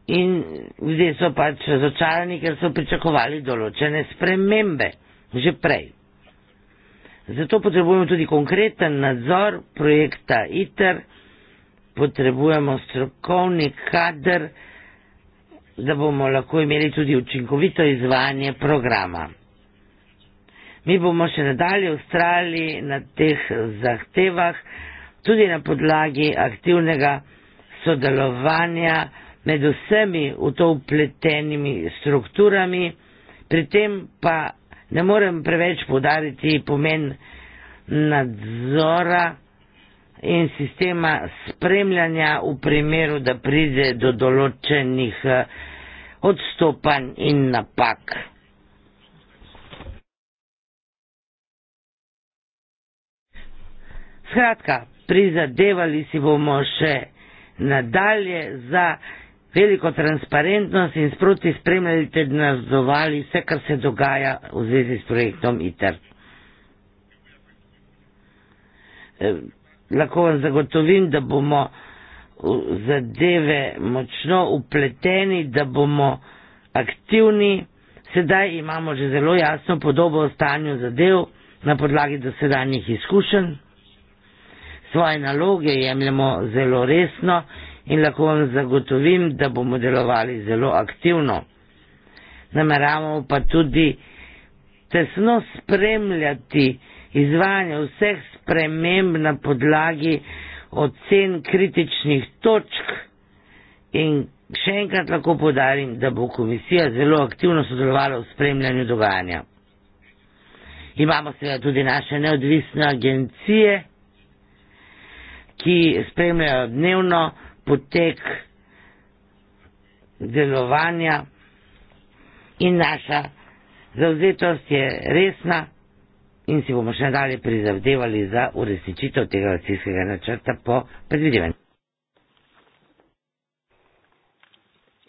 in ljudje so pač razočarani, ker so pričakovali določene spremembe že prej. Zato potrebujemo tudi konkreten nadzor projekta ITER, potrebujemo strokovni kader, da bomo lahko imeli tudi učinkovito izvajanje programa. Mi bomo še nadalje ustrali na teh zahtevah, tudi na podlagi aktivnega sodelovanja med vsemi v to upletenimi strukturami, pri tem pa ne morem preveč podariti pomen nadzora in sistema spremljanja v primeru, da pride do določenih eh, odstopanj in napak. Skratka, prizadevali si bomo še nadalje za veliko transparentnost in sproti spremljali ter nadzorovali vse, kar se dogaja v zvezi s projektom ITER. E, lahko vam zagotovim, da bomo v zadeve močno upleteni, da bomo aktivni. Sedaj imamo že zelo jasno podobo o stanju zadev na podlagi dosedanjih izkušenj. Svoje naloge jemljemo zelo resno in lahko vam zagotovim, da bomo delovali zelo aktivno. Nameravamo pa tudi tesno spremljati izvajanje vseh sprememb na podlagi ocen kritičnih točk in še enkrat lahko podarim, da bo komisija zelo aktivno sodelovala v spremljanju dogajanja. Imamo seveda tudi naše neodvisne agencije, ki spremljajo dnevno potek delovanja in naša zauzetost je resna in si bomo še nadalje prizadevali za uresničitev tega akcijskega načrta po predvidevanju.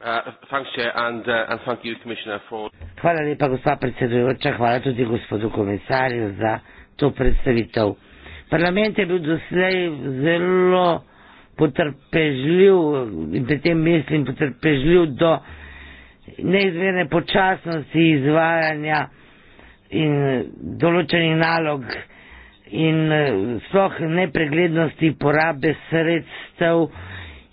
Uh, uh, hvala lepa, gospa predsedujoča, hvala tudi gospodu komisarju za to predstavitev. Parlament je bil doslej zelo potrpežljiv, in pri tem mislim potrpežljiv do neizmerne počasnosti izvajanja in določenih nalog in eh, sploh nepreglednosti porabe sredstev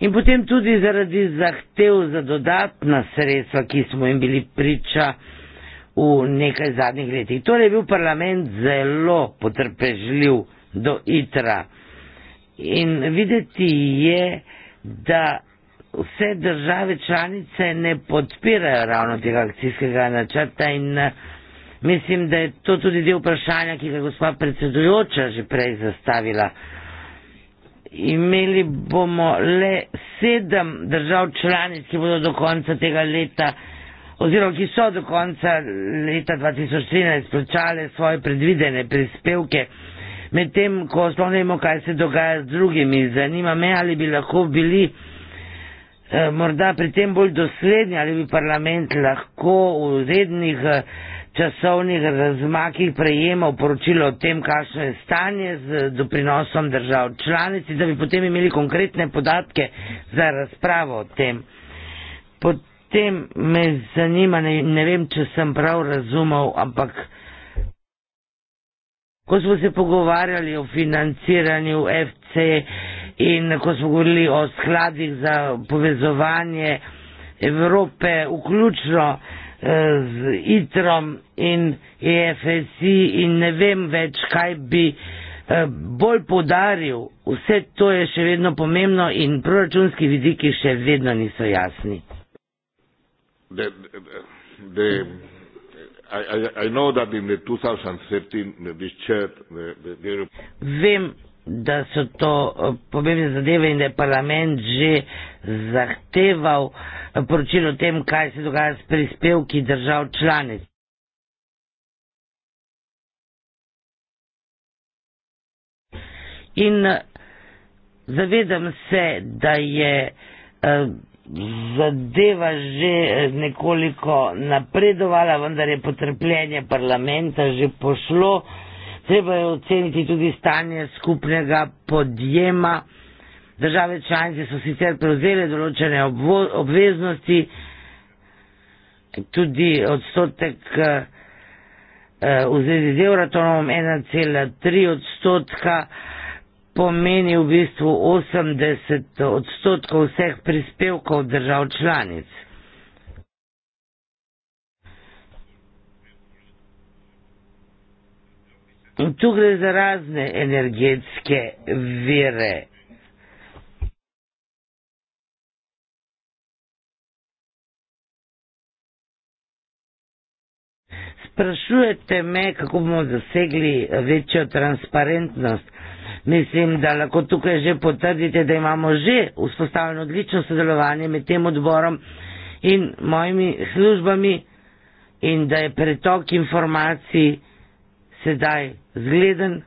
in potem tudi zaradi zahtev za dodatna sredstva, ki smo jim bili priča v nekaj zadnjih letih. Torej je bil parlament zelo potrpežljiv do itra in videti je, da vse države članice ne podpirajo ravno tega akcijskega načrta in eh, mislim, da je to tudi del vprašanja, ki ga je gospod predsedujoča že prej zastavila. Imeli bomo le sedem držav članic, ki bodo do konca tega leta oziroma ki so do konca leta 2013 plačale svoje predvidene prispevke medtem ko sploh ne vemo, kaj se dogaja z drugimi. Zanima me, ali bi lahko bili eh, morda pri tem bolj dosledni, ali bi parlament lahko v rednih eh, časovnih razmakih prejemal poročilo o tem, kakšno je stanje z doprinosom držav članici, da bi potem imeli konkretne podatke za razpravo o tem. Potem me zanima, ne, ne vem, če sem prav razumel, ampak ko smo se pogovarjali o financiranju FC in ko smo govorili o skladih za povezovanje Evrope, vključno eh, z ITROM in EFSI in ne vem več, kaj bi eh, bolj podaril, vse to je še vedno pomembno in proračunski vidiki še vedno niso jasni. De, de, de. Vem, da so to eh, pomembne zadeve in da je parlament že zahteval eh, poročilo o tem, kaj se dogaja s prispevki držav članic. In eh, zavedam se, da je. Uh, zadeva že eh, nekoliko napredovala, vendar je potrpljenje parlamenta že pošlo. Treba je oceniti tudi stanje skupnega podjema. Države članice so sicer prevzele določene obveznosti, tudi odstotek eh, eh, v zvezi z Euratomom 1,3 odstotka pomeni v bistvu 80 odstotkov vseh prispevkov držav članic. In tu gre za razne energetske vire. Sprašujete me, kako bomo dosegli večjo transparentnost mislim, da lahko tukaj že potrdite, da imamo že vzpostavljeno odlično sodelovanje med tem odborom in mojimi službami in da je pretok informacij sedaj zgleden.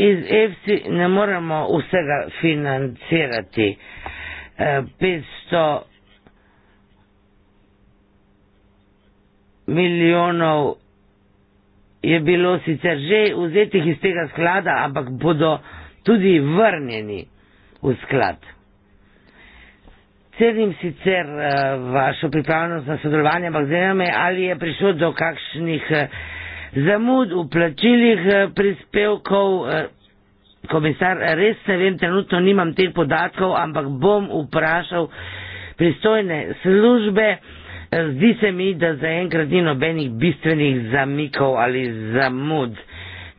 Iz EFSI ne moremo vsega financirati. 500 eh, milijonov je bilo sicer že vzetih iz tega sklada, ampak bodo tudi vrnjeni v sklad. Cenim sicer eh, vašo pripravljenost na sodelovanje, ampak zanima me, ali je prišlo do kakšnih eh, zamud v plačilih eh, prispevkov. Komisar, res ne vem, trenutno nimam teh podatkov, ampak bom vprašal pristojne službe. Zdi se mi, da zaenkrat ni nobenih bistvenih zamikov ali zamud.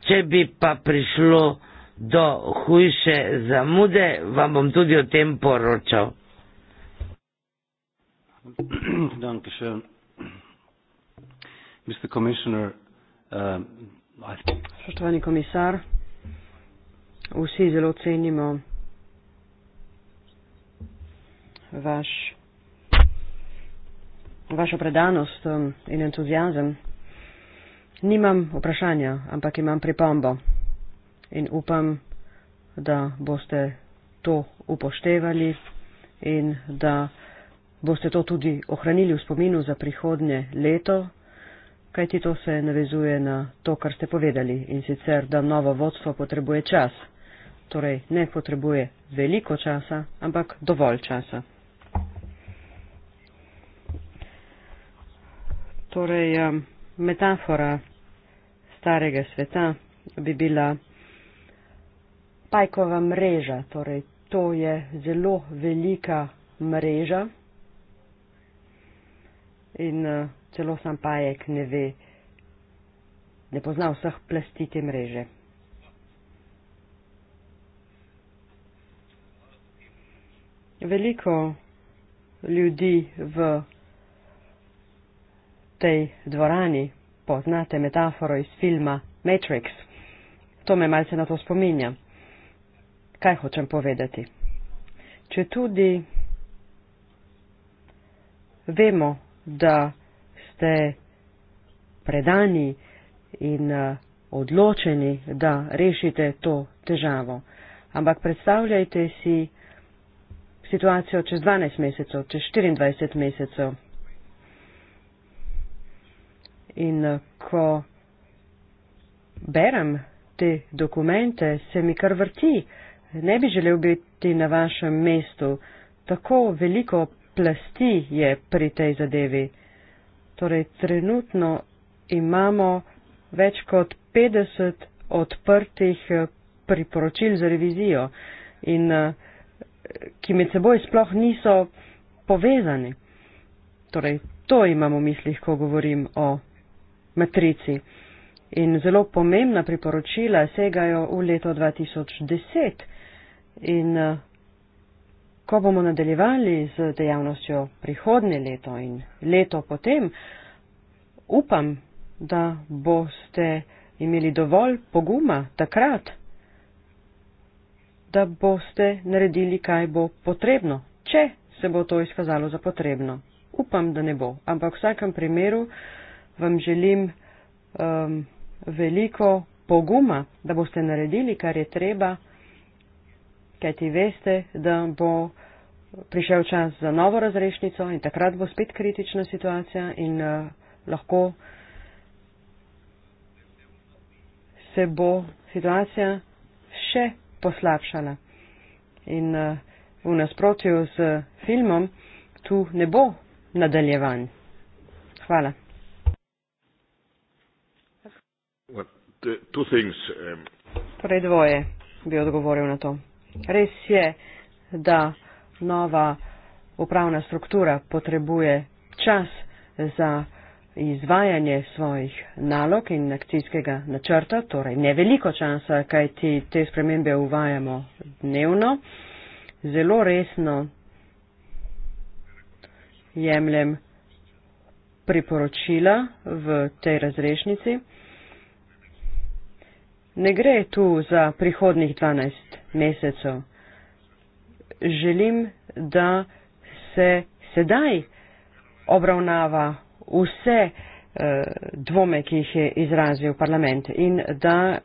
Če bi pa prišlo do hujše zamude, vam bom tudi o tem poročal. Danke schön. Mr. Commissioner, um, Spoštovani komisar, vsi zelo cenimo vaš vašo predanost um, in entuzijazem. Nimam vprašanja, ampak imam pripombo in upam, da boste to upoštevali in da boste to tudi ohranili v spominu za prihodnje leto, kajti to se navezuje na to, kar ste povedali in sicer, da novo vodstvo potrebuje čas. Torej, ne potrebuje veliko časa, ampak dovolj časa. Torej, ja, metafora starega sveta bi bila pajkova mreža. Torej, to je zelo velika mreža in eh, celo sam pajek ne ve, ne pozna vseh plasti te mreže. Veliko ljudi v tej dvorani, poznate metaforo iz filma Matrix. To me malce na to spominja. Kaj hočem povedati? Če tudi vemo, da ste predani in eh, odločeni, da rešite to težavo, ampak predstavljajte si situacijo čez 12 mesecev, čez 24 mesecev, In eh, ko berem te dokumente, se mi kar vrti. Ne bi želel biti na vašem mestu. Tako veliko plasti je pri tej zadevi. Torej, trenutno imamo več kot 50 odprtih eh, priporočil za revizijo, in, eh, ki med seboj sploh niso povezani. Torej, to imamo v mislih, ko govorim o matrici. In zelo pomembna priporočila segajo v leto 2010. In eh, ko bomo nadaljevali z dejavnostjo prihodnje leto in leto potem, upam, da boste imeli dovolj poguma takrat, da boste naredili, kaj bo potrebno, če se bo to izkazalo za potrebno. Upam, da ne bo. Ampak v vsakem primeru vam želim um, veliko poguma, da boste naredili, kar je treba, kajti veste, da bo prišel čas za novo razrešnico in takrat bo spet kritična situacija in uh, lahko se bo situacija še poslabšala. In uh, v nasprotju z filmom tu ne bo nadaljevanj. Hvala. things, um, torej dvoje bi odgovoril na to. Res je, da nova upravna struktura potrebuje čas za izvajanje svojih nalog in akcijskega načrta, torej ne veliko časa, kaj ti te spremembe uvajamo dnevno. Zelo resno jemljem priporočila v tej razrešnici. Ne gre tu za prihodnih 12 mesecev. Želim, da se sedaj obravnava vse eh, dvome, ki jih je izrazil parlament in da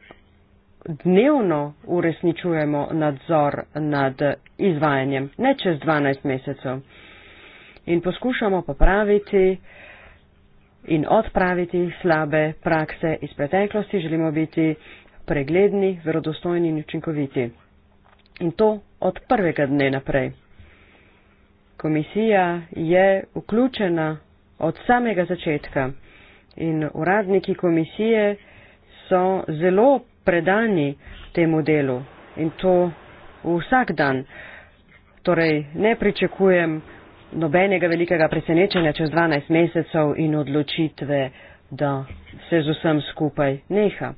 dnevno uresničujemo nadzor nad izvajanjem, ne čez 12 mesecev. In poskušamo popraviti in odpraviti slabe prakse iz preteklosti. Želimo biti pregledni, verodostojni in učinkoviti. In to od prvega dne naprej. Komisija je vključena od samega začetka in uradniki komisije so zelo predani temu delu in to vsak dan. Torej ne pričakujem nobenega velikega presenečenja čez 12 mesecev in odločitve, da se z vsem skupaj neha.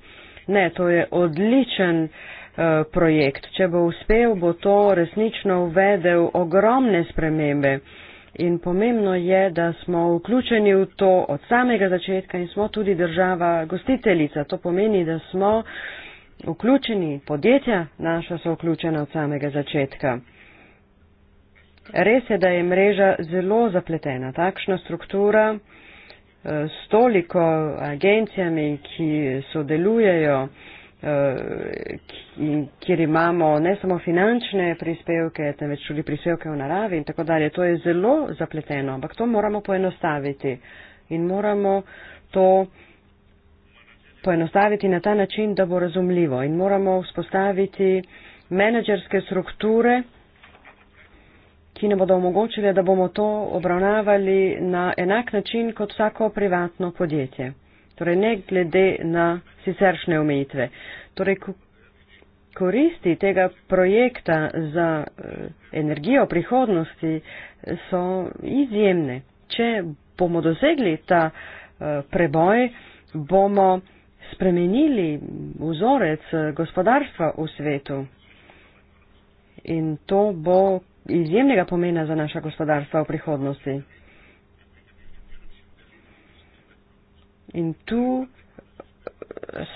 Ne, to je odličen eh, projekt. Če bo uspel, bo to resnično uvedel ogromne spremembe. In pomembno je, da smo vključeni v to od samega začetka in smo tudi država gostiteljica. To pomeni, da smo vključeni, podjetja naša so vključena od samega začetka. Res je, da je mreža zelo zapletena. Takšna struktura Eh, s toliko agencijami, ki sodelujejo, eh, kjer imamo ne samo finančne prispevke, temveč tudi prispevke v naravi in tako dalje. To je zelo zapleteno, ampak to moramo poenostaviti in moramo to poenostaviti na ta način, da bo razumljivo in moramo vzpostaviti menedžerske strukture, ki ne bodo omogočile, da bomo to obravnavali na enak način kot vsako privatno podjetje. Torej, ne glede na siceršne omejitve. Torej, koristi tega projekta za eh, energijo prihodnosti so izjemne. Če bomo dosegli ta eh, preboj, bomo spremenili vzorec eh, gospodarstva v svetu. In to bo izjemnega pomena za naša gospodarstva v prihodnosti. In tu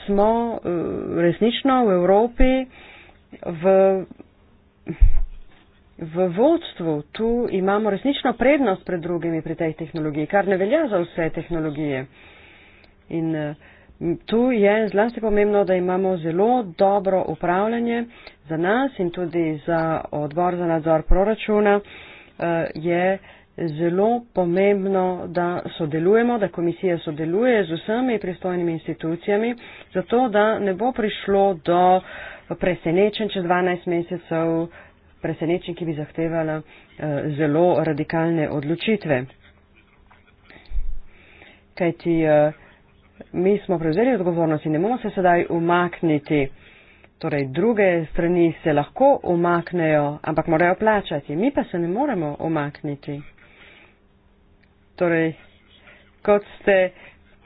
smo eh, resnično v Evropi v, v vodstvu. Tu imamo resnično prednost pred drugimi pri tej tehnologiji, kar ne velja za vse tehnologije. In uh, Tu je zlasti pomembno, da imamo zelo dobro upravljanje za nas in tudi za odbor za nadzor proračuna. Eh, je zelo pomembno, da sodelujemo, da komisija sodeluje z vsemi pristojnimi institucijami, zato da ne bo prišlo do presenečen čez 12 mesecev, presenečen, ki bi zahtevala eh, zelo radikalne odločitve. Kajti, eh, mi smo prevzeli odgovornost in ne moramo se sedaj umakniti. Torej, druge strani se lahko umaknejo, ampak morajo plačati. Mi pa se ne moremo umakniti. Torej, kot ste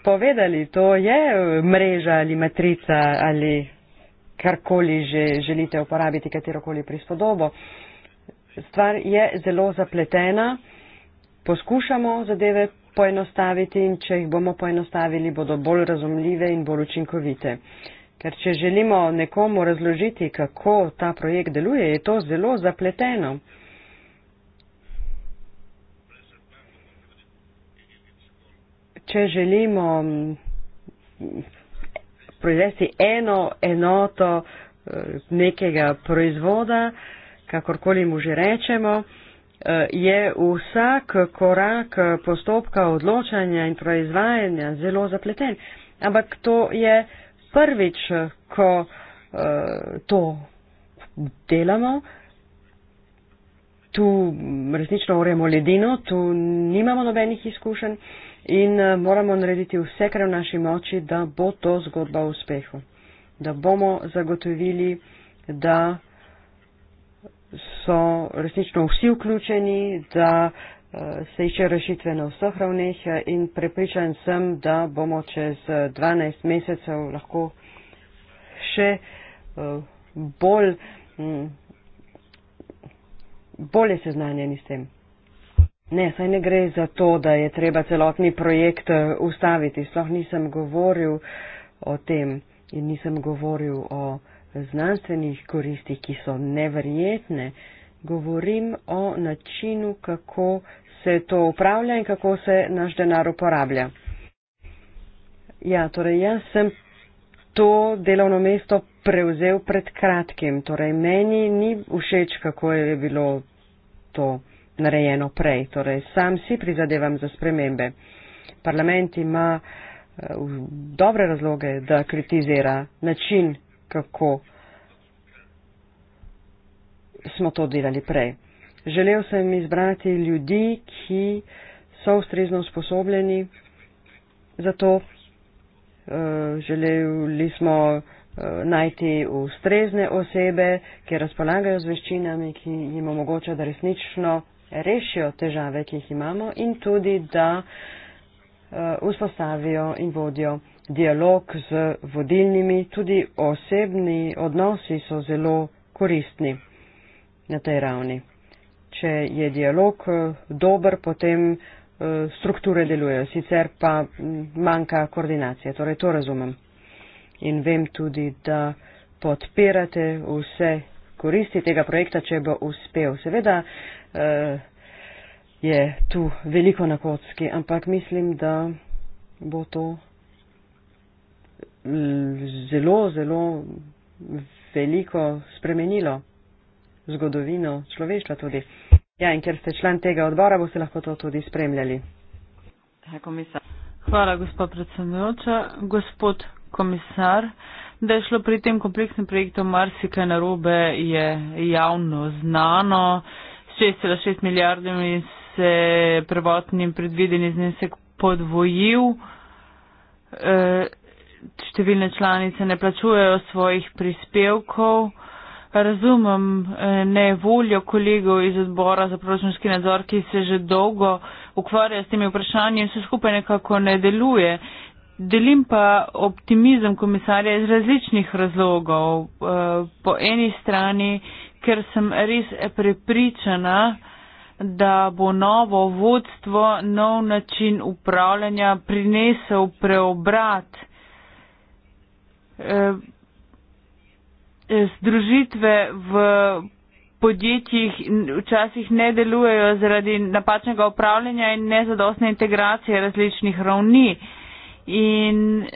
povedali, to je mreža ali matrica ali karkoli že želite uporabiti, katerokoli prispodobo. Stvar je zelo zapletena. Poskušamo zadeve poenostaviti in če jih bomo poenostavili, bodo bolj razumljive in bolj učinkovite. Ker če želimo nekomu razložiti, kako ta projekt deluje, je to zelo zapleteno. Če želimo mm, proizvesti eno enoto eh, nekega proizvoda, kakorkoli mu že rečemo, Eh, je vsak korak postopka odločanja in proizvajanja zelo zapleten. Ampak to je prvič, ko eh, to delamo. Tu resnično uremo ledino, tu nimamo nobenih izkušenj in eh, moramo narediti vse, kar je v naši moči, da bo to zgodba uspehu. Da bomo zagotovili, da so resnično vsi vključeni, da eh, se išče rešitve na vseh ravneh in prepričan sem, da bomo čez 12 eh, mesecev lahko še eh, bolj, mm, bolje seznanjeni s tem. Ne, saj ne gre za to, da je treba celotni projekt ustaviti. Sloh nisem govoril o tem in nisem govoril o znanstvenih koristi, ki so neverjetne, govorim o načinu, kako se to upravlja in kako se naš denar uporablja. Ja, torej jaz sem to delovno mesto prevzel pred kratkim, torej meni ni všeč, kako je bilo to narejeno prej, torej sam si prizadevam za spremembe. Parlament ima eh, dobre razloge, da kritizira način kako smo to delali prej. Želel sem izbrati ljudi, ki so ustrezno usposobljeni za to. Eh, želeli smo eh, najti ustrezne osebe, ki razpolagajo z veščinami, ki jim omogoča, da resnično rešijo težave, ki jih imamo in tudi, da Eh, vzpostavijo in vodijo dialog z vodilnimi, tudi osebni odnosi so zelo koristni na tej ravni. Če je dialog eh, dober, potem eh, strukture delujejo, sicer pa mm, manjka koordinacija, torej to razumem. In vem tudi, da podpirate vse koristi tega projekta, če bo uspel. Seveda, je tu veliko na kocki, ampak mislim, da bo to zelo, zelo veliko spremenilo zgodovino človeštva tudi. Ja, in ker ste član tega odbora, boste lahko to tudi spremljali. Hvala, gospa predsednjoča. Gospod komisar, da je šlo pri tem kompleksnem projektu marsikaj narobe, je javno znano. 6,6 milijardami s se prvotni predvideni znesek podvojil. Eh, številne članice ne plačujejo svojih prispevkov. Razumem eh, ne voljo kolegov iz odbora za proračunski nadzor, ki se že dolgo ukvarja s temi vprašanji in se skupaj nekako ne deluje. Delim pa optimizem komisarja iz različnih razlogov. Eh, po eni strani, ker sem res prepričana, da bo novo vodstvo, nov način upravljanja prinesel preobrat eh, združitve v podjetjih včasih ne delujejo zaradi napačnega upravljanja in nezadostne integracije različnih ravni. In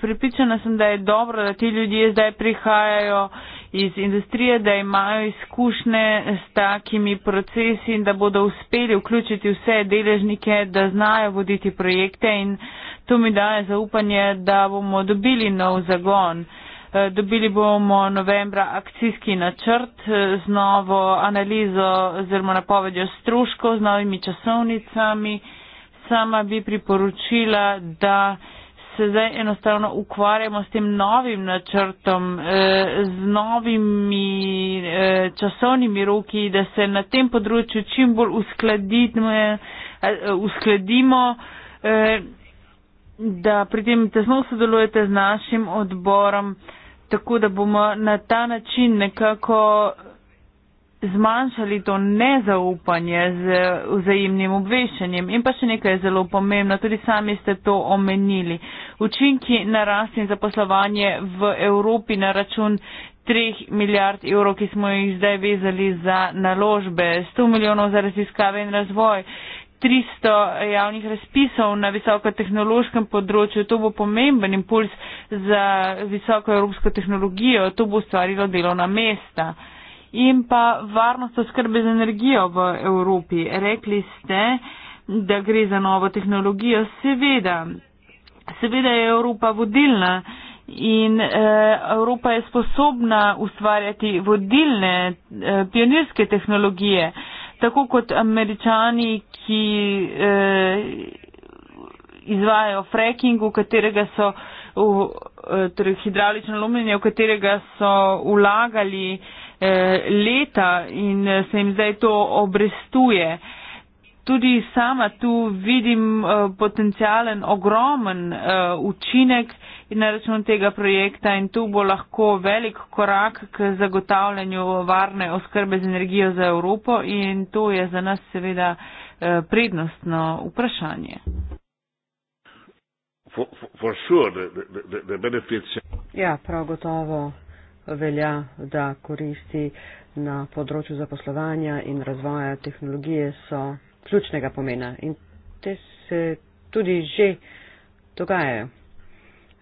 pripričana sem, da je dobro, da ti ljudje zdaj prihajajo iz industrije, da imajo izkušnje s takimi procesi in da bodo uspeli vključiti vse deležnike, da znajo voditi projekte in to mi daje zaupanje, da bomo dobili nov zagon. Eh, dobili bomo novembra akcijski načrt eh, z novo analizo oziroma napovedjo stroškov, z novimi časovnicami. Sama bi priporočila, da se zdaj enostavno ukvarjamo s tem novim načrtom, eh, z novimi eh, časovnimi roki, da se na tem področju čim bolj eh, uskladimo, da pri tem tesno sodelujete z našim odborom, tako da bomo na ta način nekako zmanjšali to nezaupanje z vzajemnim obveščanjem. In pa še nekaj je zelo pomembno, tudi sami ste to omenili. Učinki na rast in zaposlovanje v Evropi na račun 3 milijard evrov, ki smo jih zdaj vezali za naložbe, 100 milijonov za raziskave in razvoj. 300 javnih razpisov na visokotehnološkem področju, to bo pomemben impuls za visoko evropsko tehnologijo, to bo ustvarilo delovna mesta in pa varnost oskrbe z energijo v Evropi. Rekli ste, da gre za novo tehnologijo. Seveda, seveda je Evropa vodilna in eh, Evropa je sposobna ustvarjati vodilne eh, pionirske tehnologije, tako kot američani, ki eh, izvajajo fracking, v katerega so. V, eh, torej hidraulično lomljenje, v katerega so vlagali eh, Eh, leta in eh, se jim zdaj to obrestuje. Tudi sama tu vidim eh, potencijalen ogromen učinek na račun tega projekta in tu bo lahko velik korak k zagotavljanju varne oskrbe z energijo za Evropo in to je za nas seveda prednostno vprašanje. For, for sure, the, the, the ja, prav gotovo velja, da koristi na področju zaposlovanja in razvoja tehnologije so ključnega pomena in te se tudi že dogajajo.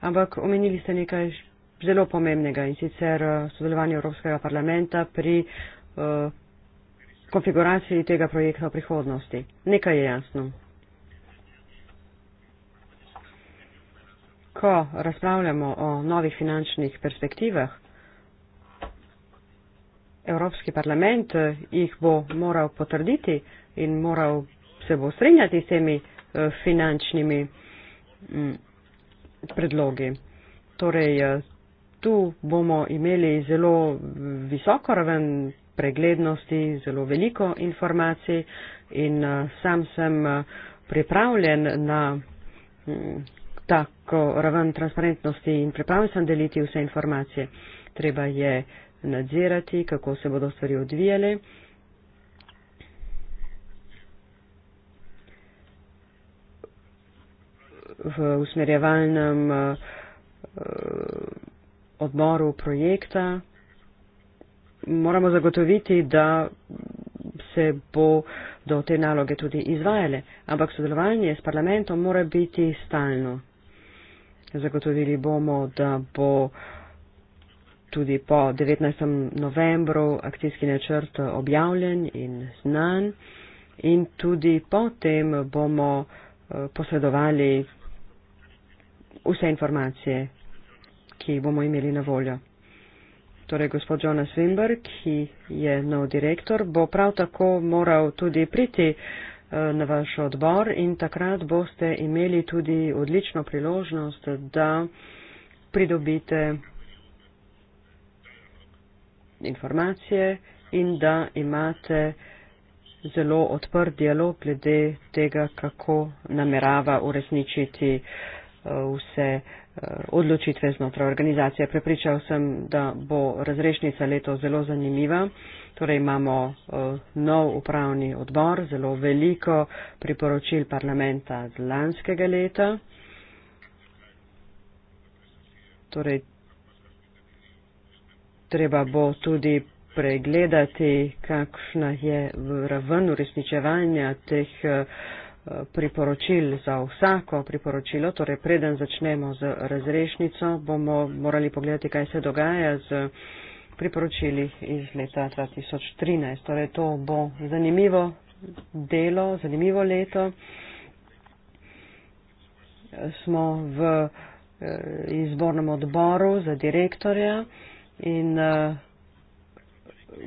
Ampak omenili ste nekaj zelo pomembnega in sicer eh, sodelovanje Evropskega parlamenta pri uh, konfiguraciji tega projekta v prihodnosti. Nekaj je jasno. Ko razpravljamo o novih finančnih perspektivah 2014-2020, Evropski parlament eh, jih bo moral potrditi in moral se bo strinjati s temi eh, finančnimi mm, predlogi. Torej, eh, tu bomo imeli zelo visoko raven preglednosti, zelo veliko informacij in sam sem pripravljen na mm, tako raven transparentnosti in pripravljen sem deliti vse informacije. Treba je nadzirati, kako se bodo stvari odvijale. V usmerjevalnem eh, odboru projekta moramo zagotoviti, da se bo do te naloge tudi izvajale, ampak sodelovanje s parlamentom mora biti stalno. Zagotovili bomo, da bo uh, tudi po 19. novembru akcijski načrt objavljen in znan. In tudi potem bomo eh, posredovali vse informacije, ki bomo imeli na voljo. Torej, gospod Jonas Svimber, ki je nov direktor, bo prav tako moral tudi priti eh, na vaš odbor in takrat boste imeli tudi odlično priložnost, da pridobite informacije in da imate zelo odprt dialog glede tega, kako namerava uresničiti eh, vse eh, odločitve znotraj organizacije. Prepričal sem, da bo razrešnica leto zelo zanimiva. Torej imamo eh, nov upravni odbor, zelo veliko priporočil parlamenta z lanskega leta. Torej, treba bo tudi pregledati, kakšna je raven uresničevanja teh eh, priporočil za vsako priporočilo. Torej, preden začnemo z razrešnico, bomo morali pogledati, kaj se dogaja z priporočili iz leta 2013. Torej, to bo zanimivo delo, zanimivo leto. Smo v eh, izbornem odboru za direktorja in uh,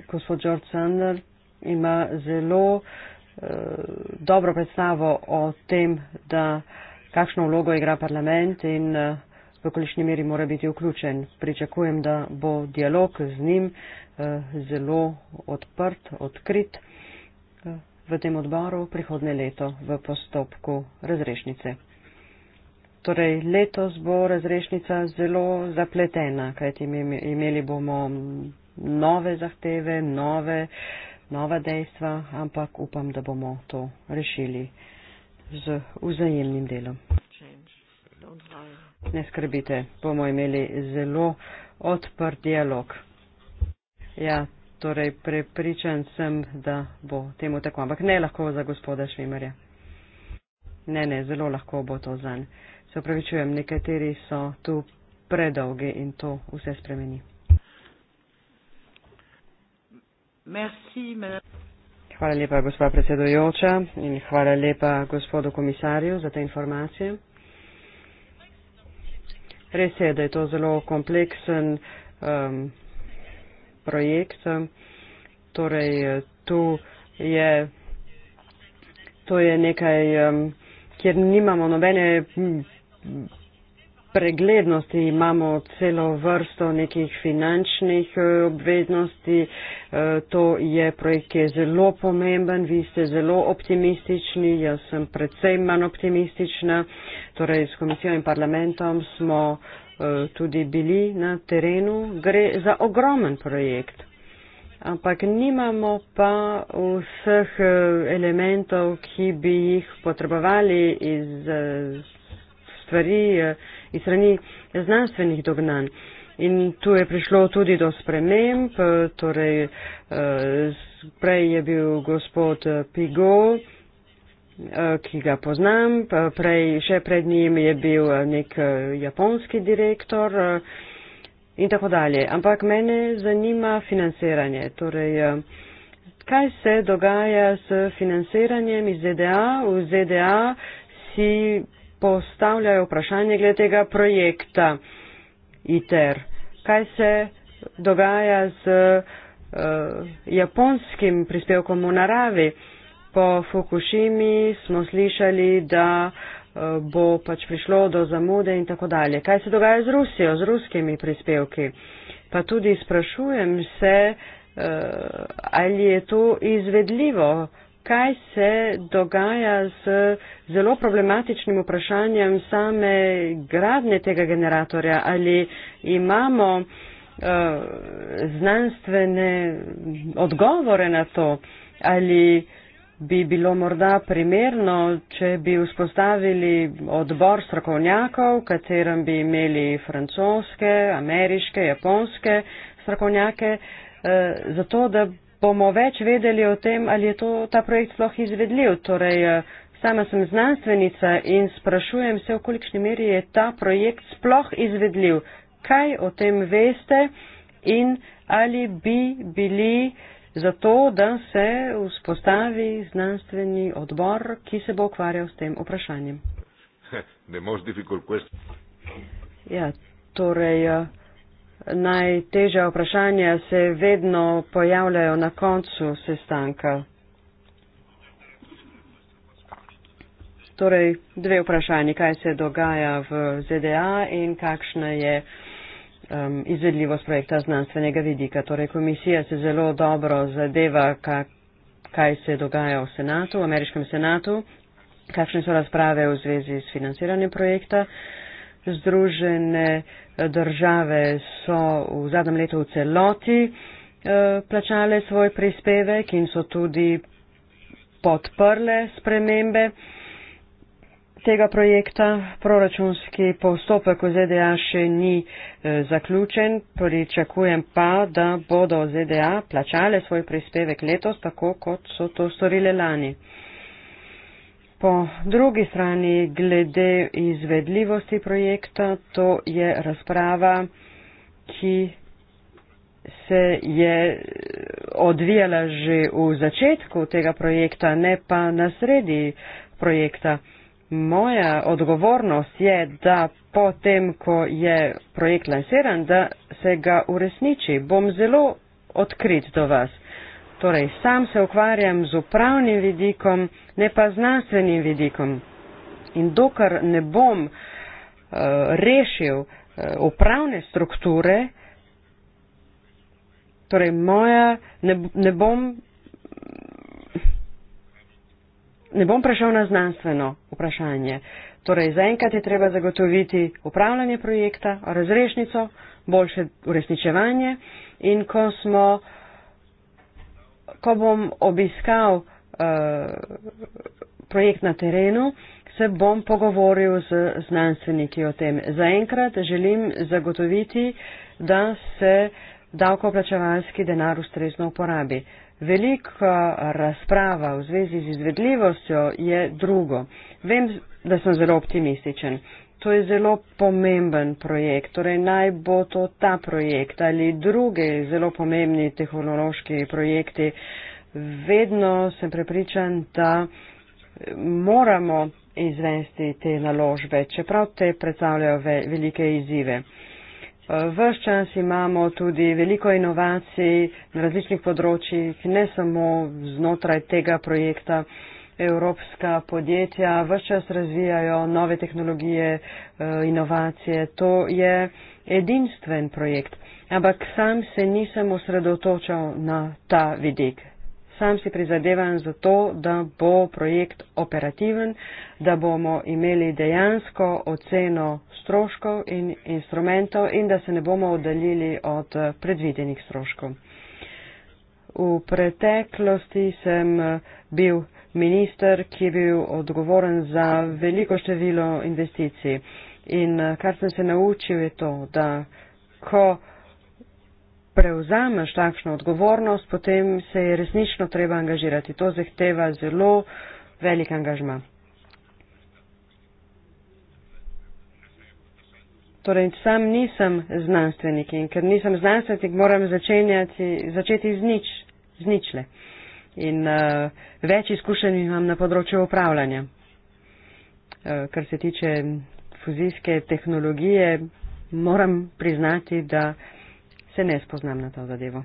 gospod George Sander ima zelo uh, dobro predstavo o tem, da kakšno vlogo igra parlament in uh, v kolišnji meri mora biti vključen. Pričakujem, da bo dialog z njim uh, zelo odprt, odkrit uh, v tem odboru prihodne leto v postopku razrešnice. Torej, letos bo razrešnica zelo zapletena, kajti imeli bomo nove zahteve, nove, nova dejstva, ampak upam, da bomo to rešili z vzajemnim delom. Ne skrbite, bomo imeli zelo odprt dialog. Ja, torej, prepričan sem, da bo temu tako, ampak ne lahko za gospoda Švimarja. Ne, ne, zelo lahko bo to zanj. Se upravičujem, nekateri so tu predolgi in to vse spremeni. Merci, hvala lepa, gospa predsedojoča in hvala lepa gospodu komisarju za te informacije. Res je, da je to zelo kompleksen um, projekt. Torej, tu je, to je nekaj, um, kjer nimamo nobene. Hm, preglednosti, imamo celo vrsto nekih finančnih eh, obveznosti, eh, to je projekt, ki je zelo pomemben, vi ste zelo optimistični, jaz sem predvsem manj optimistična, torej s komisijo in parlamentom smo eh, tudi bili na terenu, gre za ogromen projekt. Ampak nimamo pa vseh elementov, ki bi jih potrebovali iz stvari eh, iz strani znanstvenih dognanj. In tu je prišlo tudi do sprememb, eh, torej eh, prej je bil gospod Pigo, ki ga poznam, prej, še pred njim je bil nek japonski direktor in tako dalje. Ampak mene zanima financiranje. Torej, kaj se dogaja s financiranjem iz ZDA? V ZDA si postavljajo vprašanje glede tega projekta ITER. Kaj se dogaja z uh, japonskim prispevkom v naravi? Po Fukushimi smo slišali, da eh, bo pač prišlo do zamude in tako dalje. Kaj se dogaja z Rusijo, z ruskimi prispevki? Pa tudi sprašujem se, eh, ali je to izvedljivo kaj se dogaja z zelo problematičnim vprašanjem same gradne tega generatorja. Ali imamo uh, znanstvene odgovore na to, ali bi bilo morda primerno, če bi vzpostavili odbor strokovnjakov, v katerem bi imeli francoske, ameriške, japonske strokovnjake, uh, zato da bomo več vedeli o tem, ali je to, ta projekt sploh izvedljiv. Torej, eh, sama sem znanstvenica in sprašujem se, v kolikšni meri je ta projekt sploh izvedljiv. Kaj o tem veste in ali bi bili za to, da se vzpostavi znanstveni odbor, ki se bo ukvarjal s tem vprašanjem? Ne moreš difficult question. Ja, torej. Uh, najtežja vprašanja se vedno pojavljajo na koncu sestanka. Torej, dve vprašanji, kaj se dogaja v ZDA in kakšna je um, izvedljivost projekta znanstvenega vidika. Torej, komisija se zelo dobro zadeva, kaj se dogaja v senatu, v ameriškem senatu, kakšne so razprave v zvezi s financiranjem projekta. Združene uh, države so v zadnjem letu v celoti eh, plačale svoj prispevek in so tudi podprle spremembe tega projekta. Proračunski postopek v ZDA še ni eh, zaključen, pričakujem pa, da bodo ZDA plačale svoj prispevek letos tako, kot so to storile lani. Po drugi strani glede izvedljivosti projekta, to je razprava, ki se je eh, odvijala že v začetku tega projekta, ne pa na sredi projekta. Moja odgovornost je, da potem, ko je projekt lansiran, da se ga uresniči. Bom zelo odkrit do vas. Torej, sam se ukvarjam z upravnim vidikom, ne pa znanstvenim vidikom. In dokar ne bom uh, rešil uh, upravne strukture, torej moja, ne, ne, bom, ne bom prešel na znanstveno vprašanje. Torej, zaenkrat je treba zagotoviti upravljanje projekta, razrešnico, boljše uresničevanje in ko smo ko bom obiskal uh, projekt na terenu, se bom pogovoril z znanstveniki o tem. Zaenkrat želim zagotoviti, da se davkoplačevalski denar ustrezno uporabi. Velika razprava v zvezi z izvedljivostjo je drugo. Vem, da sem zelo optimističen to je zelo pomemben projekt, torej naj bo to ta projekt ali druge zelo pomembni tehnološki projekti. Vedno sem prepričan, da moramo izvesti te naložbe, čeprav te predstavljajo ve velike izzive. Vrš čas imamo tudi veliko inovacij na različnih področjih, ne samo znotraj tega projekta evropska podjetja vse čas razvijajo nove tehnologije, eh, inovacije. To je edinstven projekt. Ampak sam se nisem osredotočal na ta vidik. Sam si prizadevam za to, da bo projekt operativen, da bomo imeli dejansko oceno stroškov in instrumentov in da se ne bomo oddaljili od predvidenih stroškov. V preteklosti sem bil minister, ki je bil odgovoren za veliko število investicij. In eh, kar sem se naučil je to, da ko prevzameš takšno odgovornost, potem se je resnično treba angažirati. To zahteva zelo velik angažma. Torej, sam nisem znanstvenik in ker nisem znanstvenik, moram začeti z nič, z ničle in uh, več izkušenj imam na področju upravljanja. Uh, kar se tiče fuzijske tehnologije, moram priznati, da se ne spoznam na to zadevo.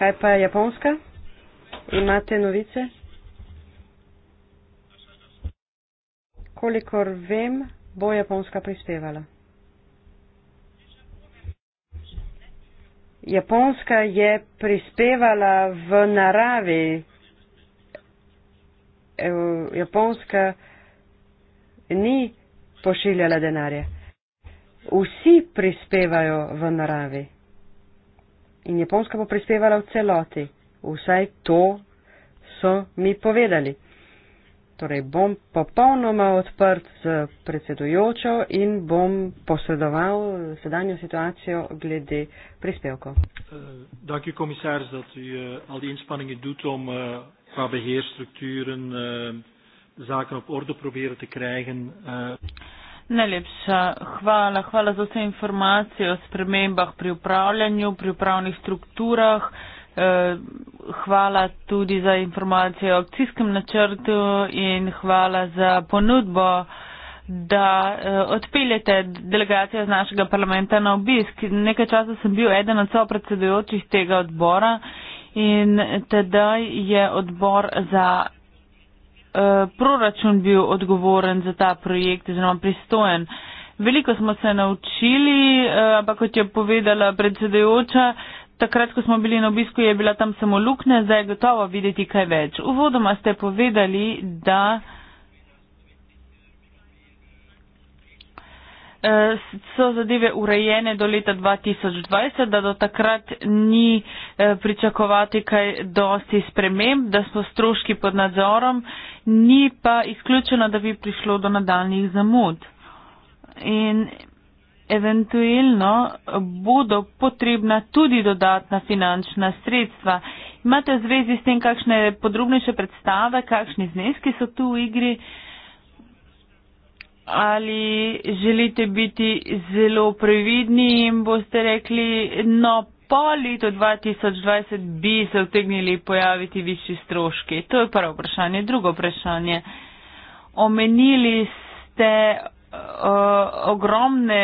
Kaj pa je Japonska? Imate novice? Kolikor vem, bo Japonska prispevala. Japonska je prispevala v naravi. Japonska ni pošiljala denarja. Vsi prispevajo v naravi. In Japonska bo prispevala v celoti. Vsaj to so mi povedali. Torej bom popolnoma odprt z predsedujočo in bom posredoval sedanjo situacijo glede prispevkov. Eh, dank u, komisaris, dat u uh, al die inspanningen doet om uh, qua beheerstructuren uh, zaken op orde proberen te krijgen. Uh. Najlepša hvala. Hvala za vse informacije o spremembah pri upravljanju, pri upravnih strukturah. Uh, hvala tudi za informacijo o akcijskem načrtu in hvala za ponudbo, da eh, odpeljete delegacijo z našega parlamenta na obisk. Nekaj časa sem bil eden od sopredsedujočih tega odbora in tedaj je odbor za eh, proračun bil odgovoren za ta projekt oziroma pristojen. Veliko smo se naučili, eh, ampak kot je povedala predsedujoča, Takrat, ko smo bili na obisku, je bila tam samo luknja, zdaj je gotovo videti kaj več. Uvodoma ste povedali, da eh, so zadeve urejene do leta 2020, da do takrat ni eh, pričakovati kaj dosti sprememb, da so stroški pod nadzorom, ni pa izključeno, da bi prišlo do nadaljnih zamud. In eventuelno bodo potrebna tudi dodatna finančna sredstva. Imate v zvezi s tem kakšne podrobnejše predstave, kakšni zneski so tu v igri? Ali želite biti zelo previdni in boste rekli, no, po letu 2020 bi se vtegnili pojaviti višji stroški? To je prvo vprašanje. Drugo vprašanje. Omenili ste uh, ogromne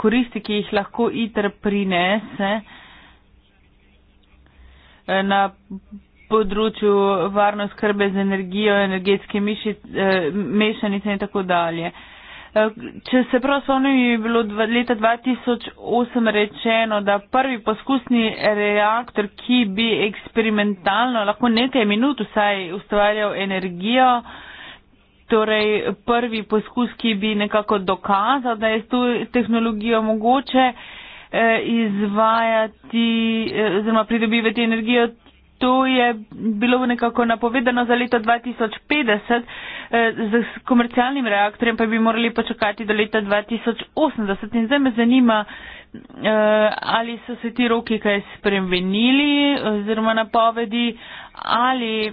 koristi, ki jih lahko ITR prinese e, na področju varno skrbe z energijo, energetske miši, e, mešanice in tako dalje. E, če se prav spomnim, je bilo leta 2008 rečeno, da prvi poskusni reaktor, ki bi eksperimentalno lahko nekaj minut vsaj ustvarjal energijo, torej prvi poskus, ki bi nekako dokazal, da je s to tehnologijo mogoče eh, izvajati eh, oziroma pridobivati energijo. To je bilo nekako napovedano za leto 2050, z eh, komercialnim reaktorjem pa bi morali počakati do leta 2080. In zdaj me zanima, ali so se ti roki kaj spremenili oziroma napovedi, ali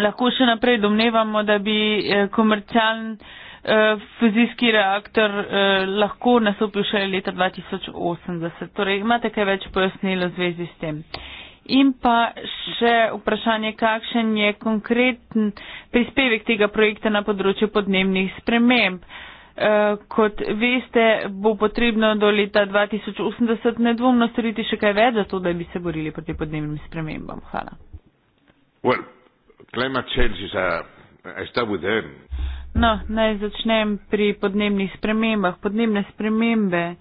lahko še naprej domnevamo, da bi eh, komercialen eh, fizijski reaktor eh, lahko nastopil še leta 2080. Torej, imate kaj več pojasnilo v zvezi s tem? In pa še vprašanje, kakšen je konkreten prispevek tega projekta na področju podnebnih sprememb. Kot veste, bo potrebno do leta 2080 nedvomno storiti še kaj več za to, da bi se borili proti podnebnim spremembam. Hvala. Well climate change is a I start with them. No, naj začnem pri podnebnih spremembah. Podnebne spremembe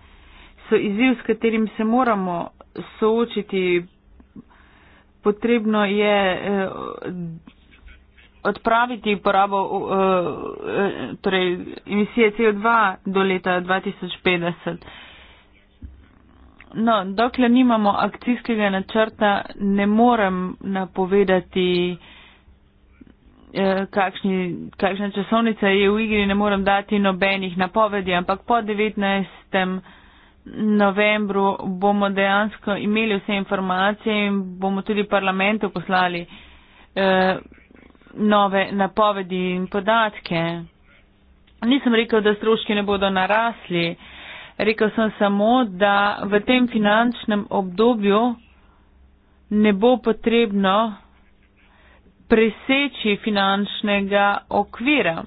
so izziv, s katerim se moramo soočiti. Potrebno je eh, odpraviti porabo eh, torej emisije CO2 do leta 2050. No, dokler nimamo akcijskega načrta, ne morem napovedati. Eh, kakšni, kakšna časovnica je v igri, ne moram dati nobenih napovedi, ampak po 19. novembru bomo dejansko imeli vse informacije in bomo tudi parlamentu poslali eh, nove napovedi in podatke. Nisem rekel, da stroški ne bodo narasli. Rekel sem samo, da v tem finančnem obdobju ne bo potrebno preseči finančnega okvira.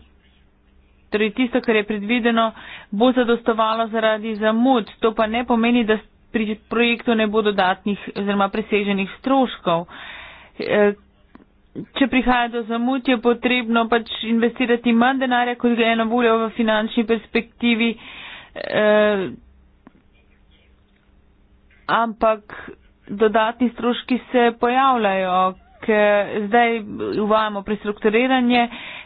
Torej, tisto, kar je predvideno, bo zadostovalo zaradi zamud. To pa ne pomeni, da pri projektu ne bo dodatnih oziroma preseženih stroškov. E, če prihaja do zamud, je potrebno pač investirati manj denarja, kot ga je na voljo v finančni perspektivi. E, ampak dodatni stroški se pojavljajo, Eh, zdaj uvajamo prestrukturiranje,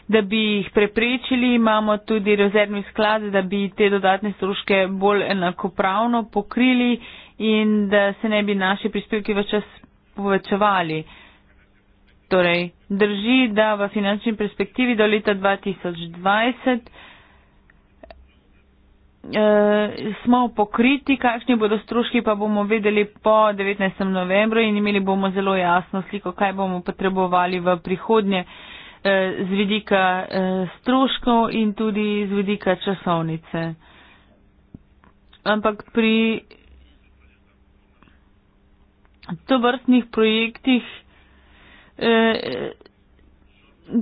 da bi jih preprečili, imamo tudi rezervni sklad, da bi te dodatne stroške bolj enakopravno pokrili in da se ne bi naši prispevki v čas povečevali. Torej, drži, da v finančni perspektivi do leta 2020. Eh, smo pokriti, kakšni bodo stroški, pa bomo vedeli po 19. novembru in imeli bomo zelo jasno sliko, kaj bomo potrebovali v prihodnje eh, z vidika eh, stroškov in tudi z vidika časovnice. Ampak pri tovrstnih projektih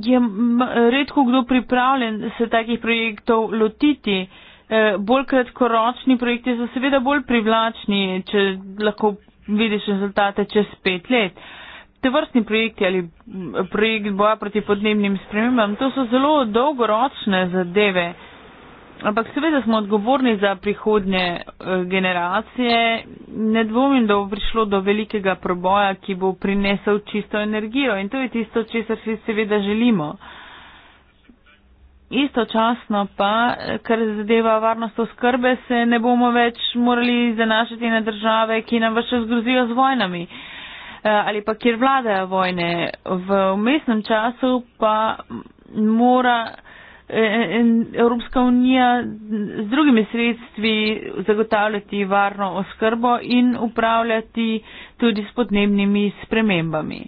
je redko kdo pripravljen se takih projektov lotiti. Eh, bolj kratkoročni projekti so seveda bolj privlačni, če lahko vidiš rezultate čez pet let. Te vrstni projekti ali mm, projekt boja proti podnebnim spremembam, to so zelo dolgoročne zadeve. Ampak seveda smo odgovorni za prihodnje eh, generacije. Ne dvomim, da bo prišlo do velikega proboja, ki bo prinesel čisto energijo in to je tisto, česar si seveda želimo. Istočasno pa, kar zadeva varnost oskrbe, se ne bomo več morali zanašati na države, ki nam več zgrozijo z vojnami eh, ali pa kjer vladajo vojne. V umestnem času pa mora eh, Evropska unija z drugimi sredstvi zagotavljati varno oskrbo in upravljati tudi s podnebnimi spremembami.